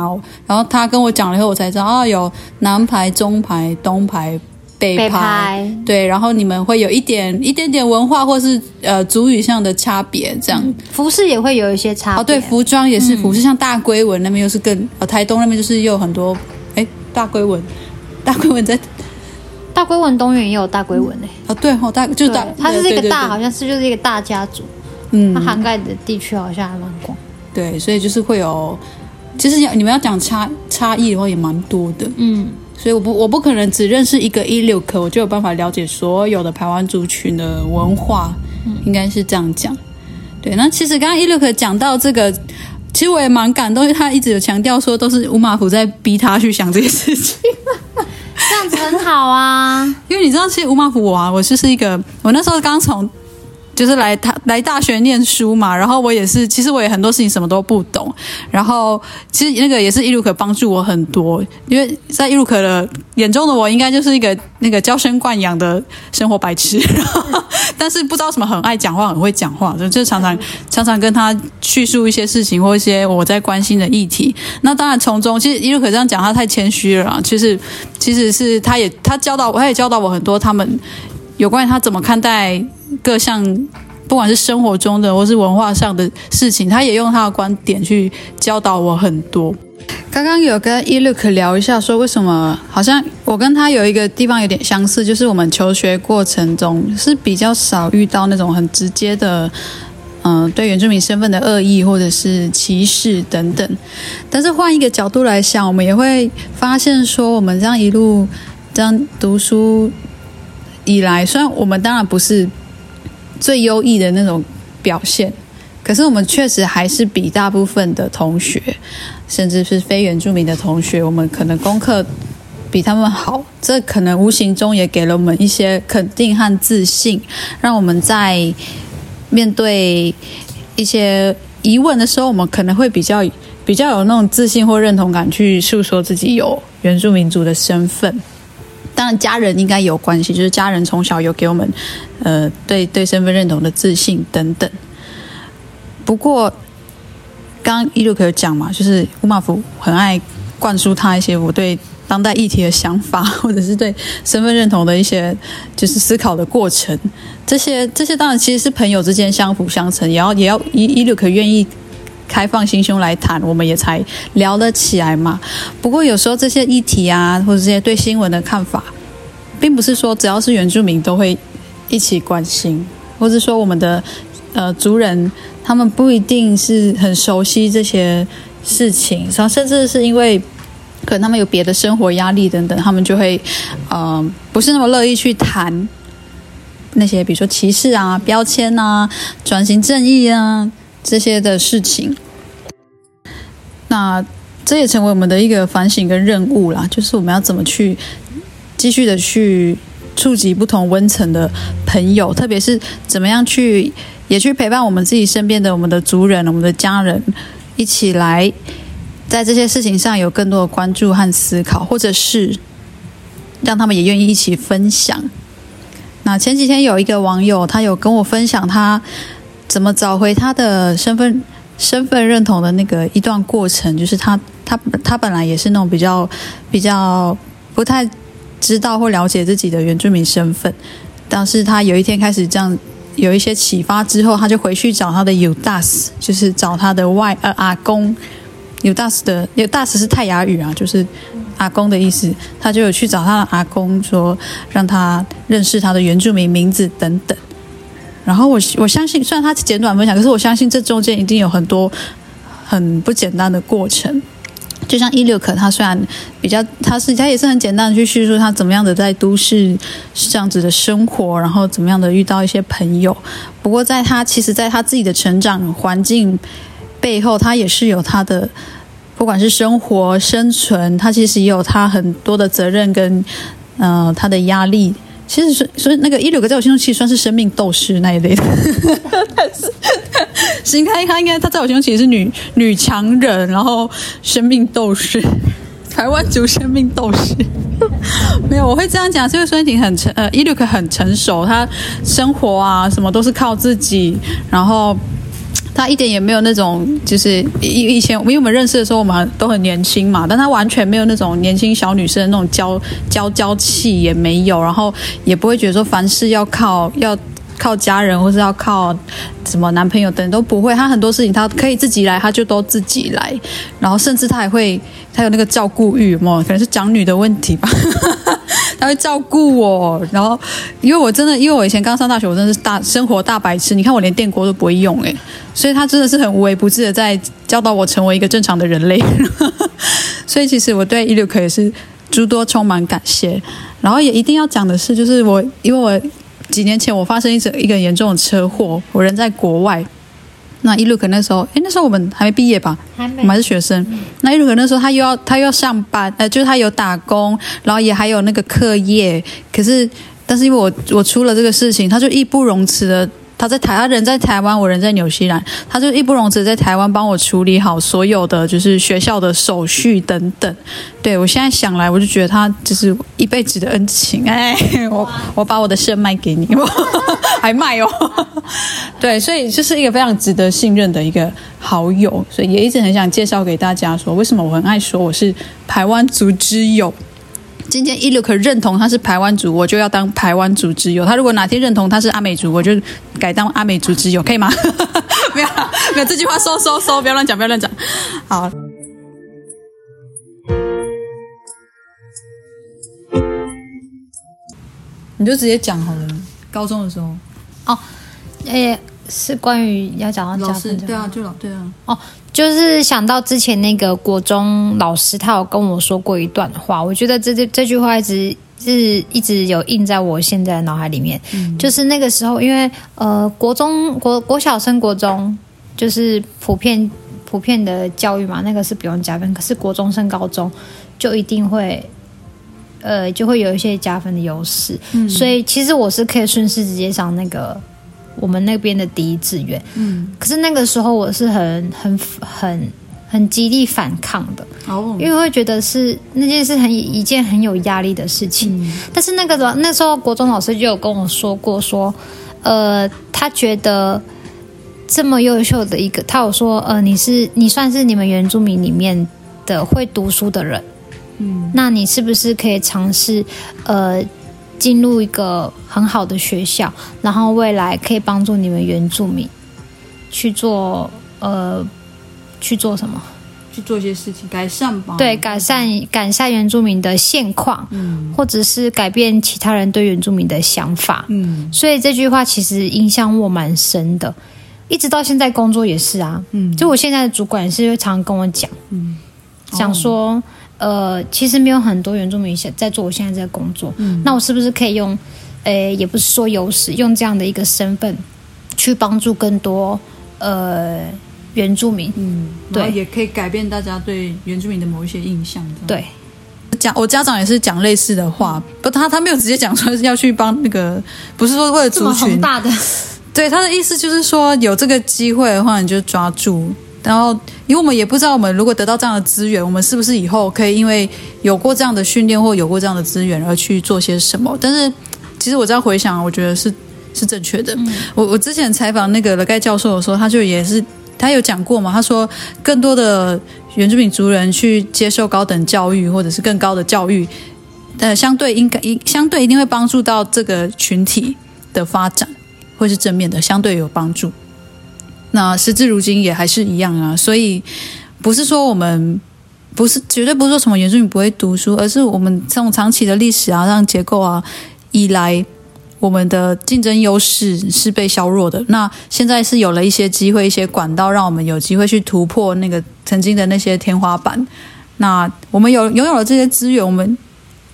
然後他跟我講了以後，我才知道哦，有南排、中排、東排、北排、北排，對，然後你們會有一點一點點文化或是呃，族語上的差別，這樣，服飾也會有一些差哦，對，服裝也是服，服、嗯、飾像大龜文那邊又是更，呃，台東那邊就是又有很多，哎、欸，大龜文，大龜文在大龜文東園也有大龜文嘞，哦，對哦，大就是大，它是這個大，好像是就是一個大家族，嗯，它涵蓋的地區好像還蠻廣。對，所以就是會有，其實要你們要講差差異的話，也蠻多的。嗯，所以我不我不可能只認識一個 Iljuk，我就有辦法了解所有的台灣族群的文化。嗯，應該是這樣講。對，那其實剛剛 Iljuk 講到這個，其實我也蠻感動，因為他一直有強調說都是 Umav 在逼他去想這些事情，這樣子很好啊。 因為你知道，其實 Umav 我啊，我就是一個，我那時候剛從。就是來他來大學念書嘛，然後我也是，其實我也很多事情什麼都不懂，然後其實那個也是 Iljuk 幫助我很多，因為在 Iljuk 的眼中的我，應該就是一個那個嬌生慣養的生活白痴，但是不知道什麼很愛講話，很會講話，就，就常常常常跟他敘述一些事情或一些我在關心的議題。那當然，從中其實 Iljuk 這樣講，他太謙虛了啦。其實其實是他也他教導，他也教導我很多，他們有關於他怎麼看待。各項，不管是生活中的或是文化上的事情，他也用他的觀點去教導我很多。剛剛有跟 Iljuk 聊一下，說為什麼好像我跟他有一個地方有點相似，就是我們求學過程中是比較少遇到那種很直接的，嗯、呃，對原住民身份的惡意或者是歧視等等。但是換一個角度來想，我們也會發現說，我們這樣一路這樣讀書以來，雖然我們當然不是。最優異的那種表現，可是我們確實還是比大部分的同學，甚至是非原住民的同學，我們可能功課比他們好。這可能無形中也給了我們一些肯定和自信，讓我們在面對一些疑問的時候，我們可能會比較比較有那種自信或認同感，去訴說自己有原住民族的身份。當然，家人應該有關係，就是家人從小有給我們，呃，對對身份認同的自信等等。不過，剛伊魯克有講嘛，就是烏馬福很愛灌輸他一些我對當代議題的想法，或者是對身份認同的一些就是思考的過程。這些這些當然其實是朋友之間相輔相成，也要也要伊伊魯克願意。開放心胸來談，我們也才聊得起來嘛。不過有時候這些議題啊，或者這些對新聞的看法，並不是說只要是原住民都會一起關心，或者說我們的呃族人他們不一定是很熟悉這些事情，然後甚至是因為可能他們有別的生活壓力等等，他們就會呃不是那麼樂意去談那些，比如說歧視啊、標籤啊、轉型正義啊。這些的事情，那這也成為我們的一個反省跟任務啦。就是我們要怎麼去繼續的去觸及不同溫層的朋友，特別是怎麼樣去也去陪伴我們自己身邊的我們的族人、我們的家人，一起來在這些事情上有更多的關注和思考，或者是讓他們也願意一起分享。那前幾天有一個網友，他有跟我分享他。怎麼找回他的身份、身份認同的那個一段過程，就是他他他本來也是那種比較比較不太知道或了解自己的原住民身份，但是他有一天開始這樣有一些啟發之後，他就回去找他的尤達斯，就是找他的外呃、啊、阿公。尤達斯的尤達斯是泰雅語啊，就是阿公的意思。他就有去找他的阿公，說讓他認識他的原住民名字等等。然後我我相信，雖然他簡短分享，可是我相信這中間一定有很多很不簡單的過程。就像 Iljuk，他雖然比較，他是他也是很簡單的去敘述他怎麼樣的在都市是這樣子的生活，然後怎麼樣的遇到一些朋友。不過在他其實，在他自己的成長環境背後，他也是有他的，不管是生活生存，他其實也有他很多的責任跟嗯、呃、他的壓力。其實所以那個 Iljuk，在我心中其實算是生命鬥士那一類的， 但是，其實他他應該他在我心中其實是女女強人，然後生命鬥士，排灣族生命鬥士。沒有，我會這樣講，因為詩婷很成呃，Iljuk 很成熟，他生活啊什麼都是靠自己，然後。她一點也沒有那種，就是以以前因為我們認識的時候，我們都很年輕嘛。但她完全沒有那種年輕小女生的那種嬌嬌嬌氣也沒有，然後也不會覺得說，凡事要靠要靠家人或是要靠什麼男朋友等等都不會。她很多事情她可以自己來，她就都自己來，然後甚至她還會她有那個照顧慾嘛，可能是長女的問題吧。 他會照顧我，然後因為我真的，因為我以前剛上大學，我真的是大生活大白癡。你看我連電鍋都不會用，誒。所以他真的是很無微不至的在教導我成為一個正常的人類。呵呵。所以其實我對 Iljuk 也是諸多充滿感謝。然後也一定要講的是，就是我因為我幾年前我發生一一個嚴重的車禍，我人在國外。那 Iljuk 那時候，哎，那時候我們還沒畢業吧，我們還是學生。那 Iljuk 那時候，他又要他又要上班，呃，就是他有打工，然後也還有那個課業。可是，但是因為我我出了這個事情，他就義不容辭的。他在台，他人在台灣，我人在紐西蘭，他就義不容辭在台灣幫我處理好所有的就是學校的手續等等。對，我現在想來，我就覺得他就是一輩子的恩情。哎，我我把我的腎賣給你，還賣哦。對，所以就是一個非常值得信任的一個好友，所以也一直很想介紹給大家說，為什麼我很愛說我是台灣族之友。今天 Iljuk 認同他是排灣族，我就要當排灣族之友。他如果哪天認同他是阿美族，我就改當阿美族之友，可以嗎？不 要，不要，這句話收收收，不要亂講，不要亂講。好，你就直接講好了。高中的時候，哦，誒、欸，是關於要講到加分，對啊，就老，對啊，哦。就是想到之前那個國中老師，他有跟我說過一段話，我覺得這這這句話一直是一直有印在我現在的腦海裡面，嗯。就是那個時候，因為呃國中國國小升國中，就是普遍普遍的教育嘛，那個是不用加分。可是國中升高中，就一定會呃就會有一些加分的優勢，嗯，所以其實我是可以順勢直接上那個。我們那邊的第一志願，嗯，可是那個時候我是很很很很極力反抗的，Oh. 因為會覺得是那件事很一件很有壓力的事情。嗯、但是那個那時候國中老師就有跟我說過，說，呃，他覺得這麼優秀的一個，他有說，呃，你是你算是你們原住民裡面的會讀書的人，嗯，那你是不是可以嘗試，呃？進入一個很好的學校，然後未來可以幫助你們原住民去做呃去做什麼，去做一些事情，改善吧。對，改善改善原住民的現況，嗯，或者是改變其他人對原住民的想法，嗯。所以這句話其實影響我蠻深的，一直到現在工作也是啊，嗯，就我現在的主管是會常跟我講，嗯，想、哦、說。呃，其實沒有很多原住民在做我現在這個工作。嗯，那我是不是可以用，誒,也不是說優勢，用這樣的一個身份，去幫助更多呃原住民？嗯，對，也可以改變大家對原住民的某一些印象。對，家我家長也是講類似的話，嗯、不，他他沒有直接講說要去幫那個，不是說為了族群大的，對，他的意思就是說，有這個機會的話，你就抓住。然後，因為我們也不知道，我們如果得到這樣的資源，我們是不是以後可以因為有過這樣的訓練或有過這樣的資源而去做些什麼？但是，其實我這樣回想，我覺得是是正確的。嗯、我我之前採訪那個了蓋教授的時候，他就也是他有講過嘛，他說更多的原住民族人去接受高等教育或者是更高的教育，但、呃、相對應該一相對一定會幫助到這個群體的發展，會是正面的，相對有幫助。那時至如今也還是一樣啊，所以不是說我們不是絕對不是說什麼原住民不會讀書，而是我們這種長期的歷史啊，讓結構啊，以來我們的競爭優勢是被削弱的。那現在是有了一些機會，一些管道，讓我們有機會去突破那個曾經的那些天花板。那我們有擁有了這些資源，我們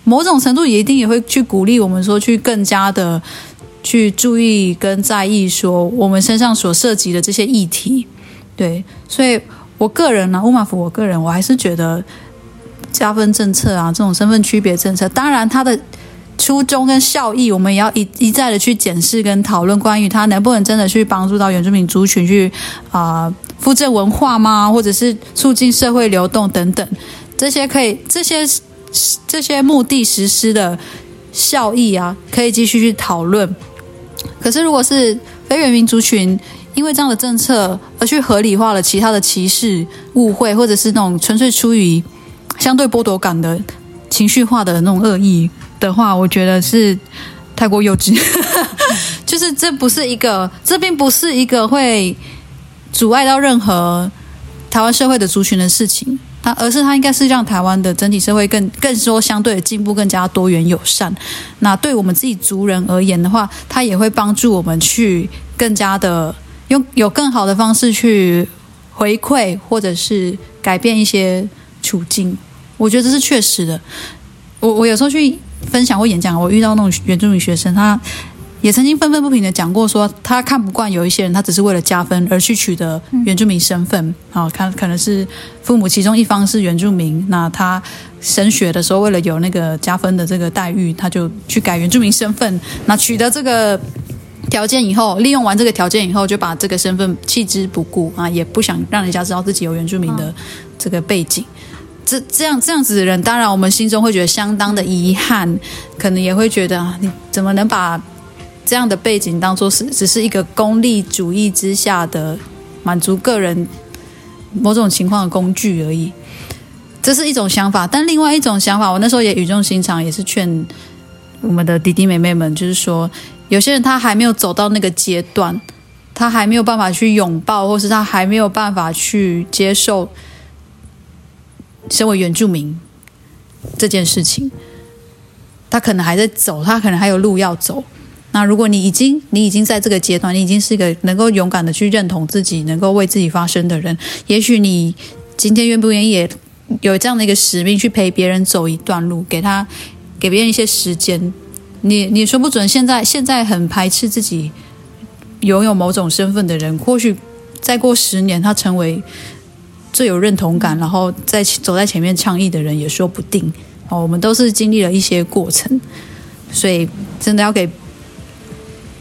某種程度也一定也會去鼓勵我們說去更加的。去注意跟在意，說我們身上所涉及的這些議題，對，所以我個人呢、啊，烏馬夫我個人我還是覺得加分政策啊，這種身份區別政策，當然它的初衷跟效益，我們也要一一再的去檢視跟討論，關於它能不能真的去幫助到原住民族群去啊，復、呃、振文化嗎，或者是促進社會流動等等，這些可以這些這些目的實施的效益啊，可以繼續去討論。可是，如果是非原民族群因為這樣的政策而去合理化了其他的歧視、誤會，或者是那種純粹出於相對剝奪感的情緒化的那種惡意的話，我覺得是太過幼稚。 就是這不是一個，這並不是一個會阻礙到任何台灣社會的族群的事情。而是它應該是讓台灣的整體社會更更說相對的進步，更加多元友善。那對我們自己族人而言的話，它也會幫助我們去更加的用，有更好的方式去回饋或者是改變一些處境。我覺得這是確實的。我我有時候去分享或演講，我遇到那種原住民學生，他。也曾經憤憤不平的講過說，說他看不慣有一些人，他只是為了加分而去取得原住民身份。嗯、啊，他可能是父母其中一方是原住民，那他升學的時候為了有那個加分的這個待遇，他就去改原住民身份。那取得這個條件以後，利用完這個條件以後，就把這個身份棄之不顧啊，也不想讓人家知道自己有原住民的這個背景。嗯、這這樣這樣子的人，當然我們心中會覺得相當的遺憾，可能也會覺得、啊、你怎麼能把？這樣的背景當做是只是一個功利主義之下的滿足個人某種情況的工具而已，這是一種想法。但另外一種想法，我那時候也語重心長，也是勸我們的弟弟妹妹們，就是說，有些人他還沒有走到那個階段，他還沒有辦法去擁抱，或是他還沒有辦法去接受身為原住民這件事情，他可能還在走，他可能還有路要走。那如果你已經你已經在這個階段，你已經是個能夠勇敢地去認同自己，能夠為自己發聲的人，也許你今天願不願意有這樣的一個使命，去陪別人走一段路，給他給別人一些時間。你你說不準，現在現在很排斥自己擁有某種身份的人，或許再過十年，他成為最有認同感，然後在走在前面倡議的人也說不定。哦，我們都是經歷了一些過程，所以真的要給。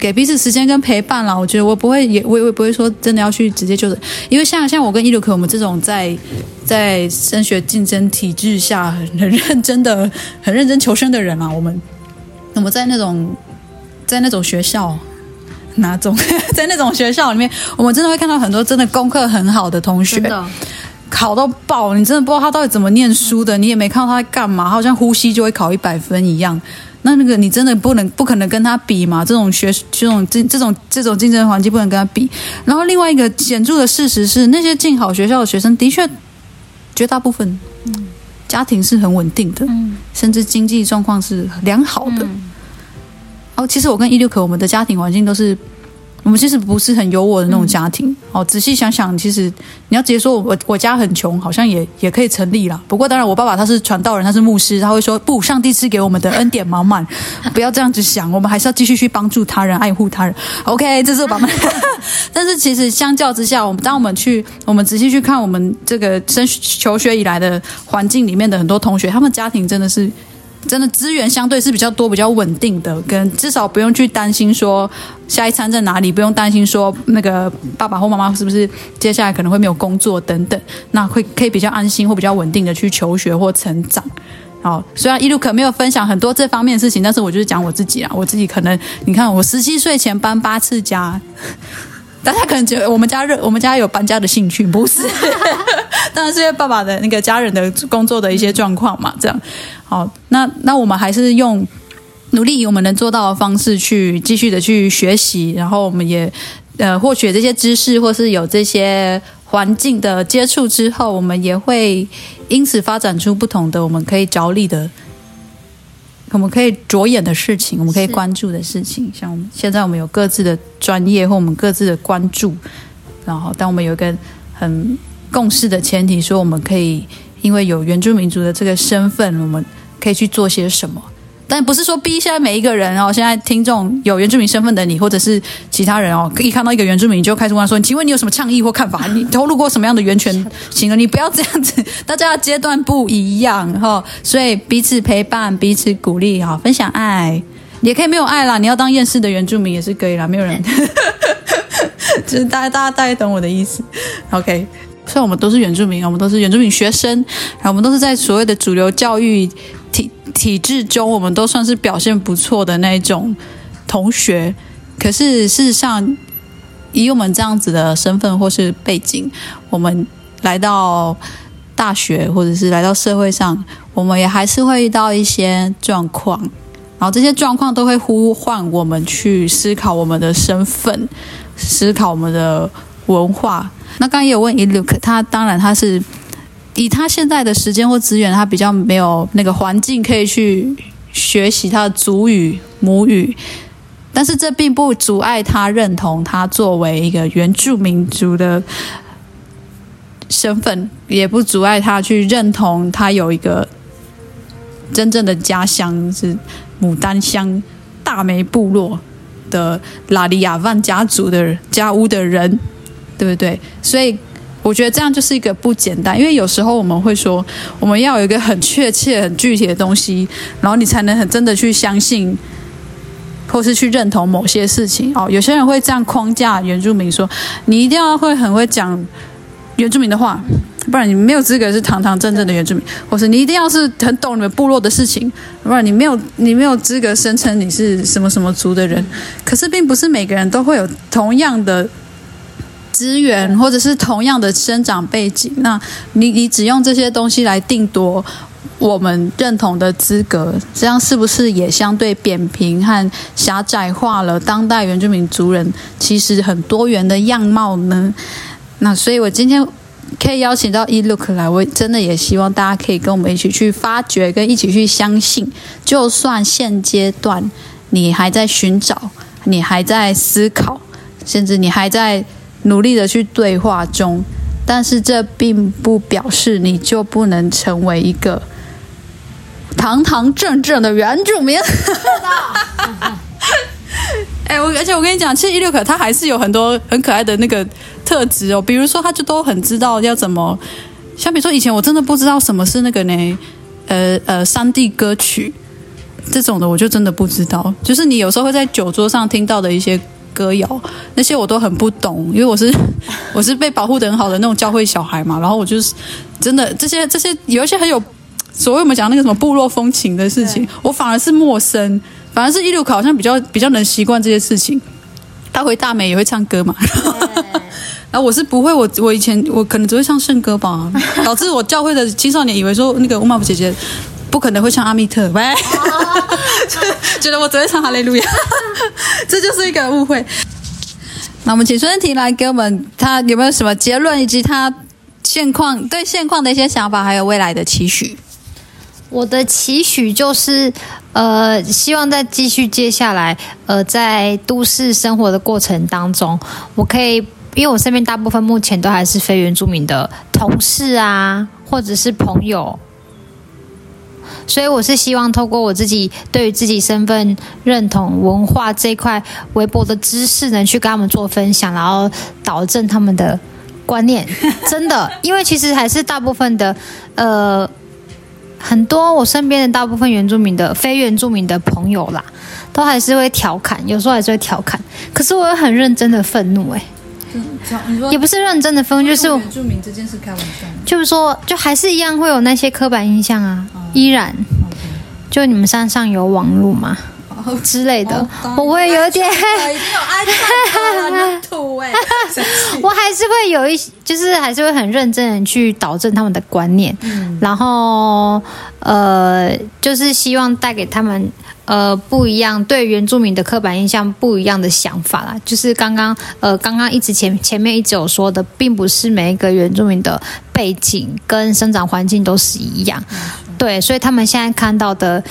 給彼此時間跟陪伴啦，我覺得我不會我也我我不會說真的要去直接就是，因為像像我跟 Iljuk，我們這種在在升學競爭體制下很認真的很認真求生的人啊。我們那麼在那種在那種學校，那種 在那種學校裡面，我們真的會看到很多真的功課很好的同學，的考到爆，你真的不知道他到底怎麼念書的。嗯，你也沒看到他在幹嘛，好像呼吸就會考一百分一樣。那那個你真的不能不可能跟他比嘛？這種學這種這這種這種，這種競爭環境不能跟他比。然後另外一個顯著的事實是，那些進好學校的學生的確絕大部分家庭是很穩定的，嗯、甚至經濟狀況是良好的。嗯、哦，其實我跟 Iljuk 我們的家庭環境都是。我們其實不是很優渥的那種家庭，嗯、哦。仔細想想，其實你要直接說我我家很窮，好像也也可以成立啦。不過當然，我爸爸他是傳道人，他是牧師，他會說不，上帝賜給我們的恩典滿滿，不要這樣子想， 我們還是要繼續去幫助他人，愛護他人。OK，這是我們的。 但是其實相較之下，我們當我們去我們仔細去看我們這個升求學以來的環境裡面的很多同學，他們家庭真的是。真的資源相對是比較多、比較穩定的，跟至少不用去擔心說下一餐在哪裡，不用擔心說那個爸爸或媽媽是不是接下來可能會沒有工作等等，那會可以比較安心或比較穩定的去求學或成長。好，雖然 Iljuk 沒有分享很多這方面的事情，但是我就是講我自己啊，我自己可能你看我十七歲前搬八次家。大家可能覺得我們家熱，我們家有搬家的興趣，不是？ 當然是因為爸爸的那個家人的工作的一些狀況嘛，這樣。好，那那我們還是用努力以我們能做到的方式去繼續的去學習，然後我們也呃獲取這些知識，或是有這些環境的接觸之後，我們也會因此發展出不同的我們可以着力的。我們可以着眼的事情，我們可以關注的事情，像現在我們有各自的專業或我們各自的關注，然後，但我們有一個很共識的前提，說我們可以，因為有原住民族的這個身份，我們可以去做些什麼。但不是說逼現在每一個人哦。現在聽眾有原住民身份的你，或者是其他人哦，可以看到一個原住民你就開始問他說：“你請問你有什麼倡議或看法？你投入過什麼樣的源泉？行了，你不要這樣子。大家的階段不一樣，哈、哦，所以彼此陪伴、彼此鼓勵，哈、哦，分享愛也可以沒有愛啦。你要當厭世的原住民也是可以啦。沒有人，嗯、 就是大家大家大家懂我的意思。OK，所以我們都是原住民，我們都是原住民學生，然後我們都是在所謂的主流教育體。體制中，我們都算是表現不錯的那一種同學。可是事實上，以我們這樣子的身份或是背景，我們來到大學或者是來到社會上，我們也還是會遇到一些狀況。然後這些狀況都會呼喚我們去思考我們的身份，思考我們的文化。那剛剛也有問 Iljuk，他當然他是。以他現在的時間或資源，他比較沒有那個環境可以去學習他的族語母語，但是這並不阻礙他認同他作為一個原住民族的身份，也不阻礙他去認同他有一個真正的家鄉是牡丹鄉大梅部落的拉里亞萬家族的家屋的人，對不對？所以。我覺得這樣就是一個不簡單，因為有時候我們會說，我們要有一個很確切、很具體的東西，然後你才能很真的去相信，或是去認同某些事情。哦，有些人會這樣框架原住民說，你一定要會很會講原住民的話，不然你沒有資格是堂堂正正的原住民；或是你一定要是很懂你們部落的事情，不然你沒有你沒有資格聲稱你是什麼什麼族的人。可是，並不是每個人都會有同樣的資源，或者是同樣的生長背景，那你你只用這些東西來定奪我們認同的資格，這樣是不是也相對扁平和狹窄化了當代原住民族人其實很多元的樣貌呢？那所以，我今天可以邀請到 Iljuk 來，我真的也希望大家可以跟我們一起去發掘，跟一起去相信，就算現階段你還在尋找，你還在思考，甚至你還在。努力的去對話中，但是這並不表示你就不能成為一個堂堂正正的原住民。哎、 欸，我而且我跟你講，其實一六可他還是有很多很可愛的那個特質哦，比如說他就都很知道要怎麼，像比如說以前我真的不知道什麼是那個呢，呃呃，山地歌曲這種的，我就真的不知道，就是你有時候會在酒桌上聽到的一些。歌謠那些我都很不懂，因為我是我是被保護得很好的那種教會小孩嘛，然後我就是真的這些這些有一些很有所謂我們講那個什麼部落風情的事情，我反而是陌生，反而是 Iljuk 好像比較比較能習慣這些事情。他回大美也會唱歌嘛，然後我是不會，我我以前我可能只會唱聖歌吧，導致我教會的青少年以為說那個 Umav 姐姐，不可能會唱阿密特，喂、哦， 覺得我只會唱哈利路亞，這就是一個誤會。 那我們請詩婷來給我們，她有沒有什麼結論，以及她現況對現況的一些想法，還有未來的期許？我的期許就是，呃，希望在繼續接下來，呃，在都市生活的過程當中，我可以，因為我身邊大部分目前都還是非原住民的同事啊，或者是朋友。所以我是希望透過我自己對於自己身份認同、文化這塊微薄的知識，能去跟他們做分享，然後導正他們的觀念。 真的，因為其實還是大部分的，呃，很多我身邊的大部分原住民的非原住民的朋友啦，都還是會調侃，有時候還是會調侃。可是我有很認真的憤怒、欸，哎，也不是認真的憤怒，就是原住民這件事開玩笑，就是就說，就還是一樣會有那些刻板印象啊。依然，就你們山上有網路嗎、oh, 之類的？哦、我會有點，已經有了、 欸、我還是會有一些，就是還是會很認真的去導正他們的觀念，嗯、然後呃，就是希望帶給他們。呃，不一樣，對原住民的刻板印象不一樣的想法啦，就是剛剛呃，剛剛一直前前面一直有說的，並不是每一個原住民的背景跟生長環境都是一樣，嗯、對，所以他們現在看到的，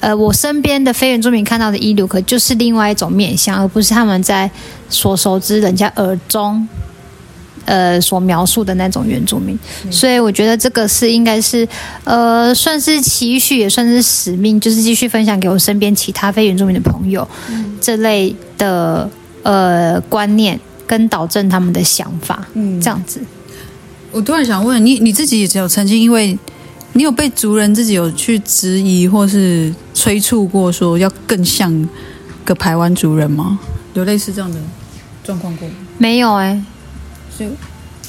呃，我身邊的非原住民看到的 Iljuk 就是另外一種面向，而不是他們在所熟知人家耳中。呃，所描述的那種原住民、嗯，所以我覺得這個是應該是，呃，算是期許，也算是使命，就是繼續分享給我身邊其他非原住民的朋友，嗯、這類的呃觀念跟導正他們的想法，嗯，這樣子。我突然想問你，你自己也只有曾經因為你有被族人自己有去質疑或是催促過，說要更像個排灣族人嗎？有類似這樣的狀況過？沒有哎、欸。所以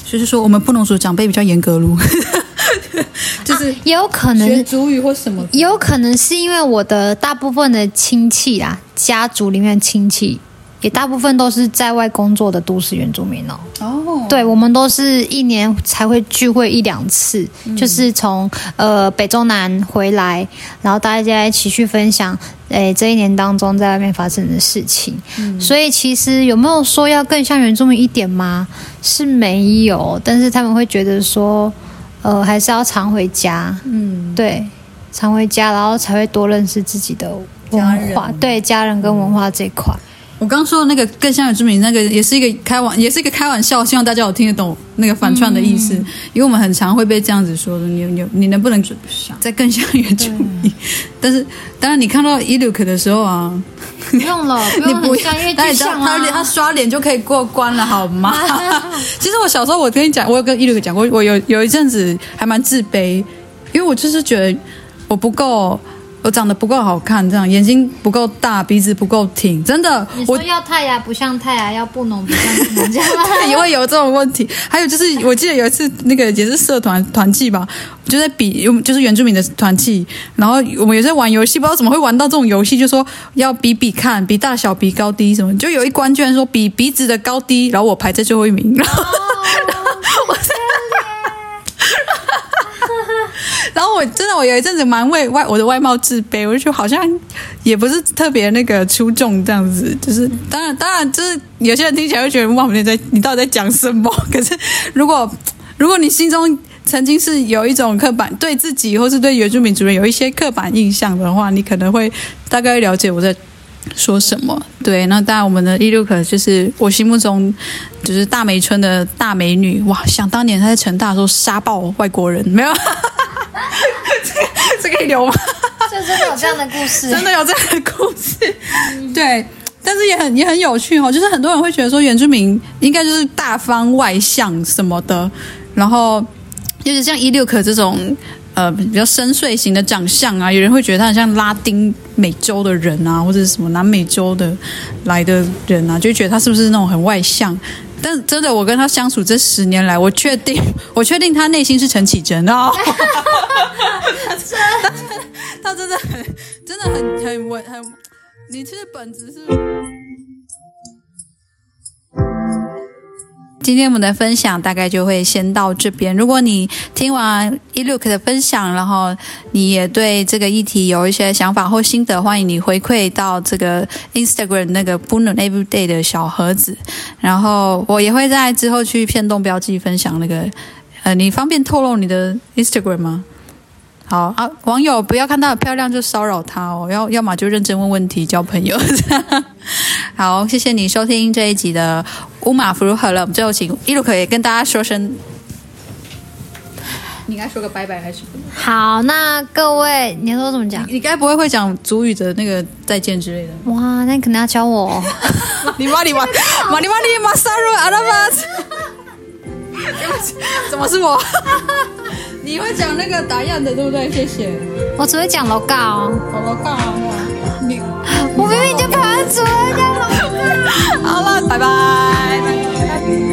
所以就是說，我們不能說長輩比較嚴格， 就是也有可能族語或什麼，也、啊、有，有可能是因為我的大部分的親戚啊，家族裡面親戚也大部分都是在外工作的都市原住民哦、喔。哦，對，我們都是一年才會聚會一兩次，就是從呃北中南回來，然後大家一起去分享。誒、欸，這一年當中在外面發生的事情，嗯，所以其實有沒有說要更像原住民一點嗎？是沒有，但是他們會覺得說，呃，還是要常回家，嗯，對，常回家，然後才會多認識自己的文化，家人對，家人跟文化這一塊。嗯我剛說的那個更像原住民，那個也是一個開玩，也是一個開玩笑，希望大家有聽得懂那個反串的意思，嗯、因為我們很常會被這樣子說的。你你你能不能再更像原住民？但是當然，你看到伊魯克的時候啊，不用了，不用 你不像越具象了、啊，他他刷臉就可以過關了，好嗎？啊、其實我小時候，我跟你講，我有跟伊魯克講過，我有有一陣子還蠻自卑，因為我就是覺得我不夠。我長得不夠好看，這樣，眼睛不夠大，鼻子不夠挺，真的。我說要泰雅不像泰雅，要布農不像布農這樣。 也會有這種問題，還有就是我記得有一次那個也是社團團契吧，就在比，就是原住民的團契，然後我們也在玩遊戲，不知道怎麼會玩到這種遊戲，就說要比比看，比大小，比高低什麼，就有一關居然說比鼻子的高低，然後我排在最後一名。然後 oh. 然後我然後我真的，我有一陣子蠻為外我的外貌自卑，我就好像也不是特別那個出眾這樣子。就是當然，當然，就是有些人聽起來會覺得哇，你在你到底在講什麼？可是如果如果你心中曾經是有一種刻板對自己，或是對原住民族人有一些刻板印象的話，你可能會大概了解我在說什麼。對，那當然我們的 Iljuk 就是我心目中就是大梅村的大美女哇！想當年她在成大的時候殺爆外國人，沒有？ 這個這個有嗎？就真的有這樣的故事， 真的有這樣的故事，對。但是也很也很有趣哦，就是很多人會覺得說，原住民應該就是大方外向什麼的，然後，就是像 Iljuk 這種呃比較深邃型的長相啊，有人會覺得他很像拉丁美洲的人啊，或者是什麼南美洲的來的人啊，就會覺得他是不是那種很外向？但真的，我跟他相處這十年來，我確定，我確定他內心是陳綺貞哦，真 的， 他真的很、真的很很穩，很，你其實本質是，是。今天我們的分享大概就會先到這邊。如果你聽完 Iljuk 的分享，然後你也對這個議題有一些想法或心得，歡迎你回饋到這個 Instagram 那個 “Bunun Everyday” 的小盒子。然後我也會在之後去片動標記分享那個。呃，你方便透露你的 Instagram 嗎？好啊，網友不要看她很漂亮就騷擾她哦，要要麼就認真問問題交朋友。好，謝謝你收聽這一集的 Umav 如何了。我們最後請 Iljuk 可以跟大家說聲，你該說個拜拜還是什麼？好，那各位，你說怎麼講？你該不會會講族語的那個再見之類的？哇，那你肯定要教我哦 你媽。你媽你媽你媽你媽瑪麗莎拉阿拉巴， マリマリマ 怎麼是我？ 你會講那個打樣的對不對？謝謝，我只會講老幹哦，老、嗯、幹啊，嗯、你，你樓我明明就跑出人家老幹，好了，拜拜。拜拜拜拜拜拜拜拜。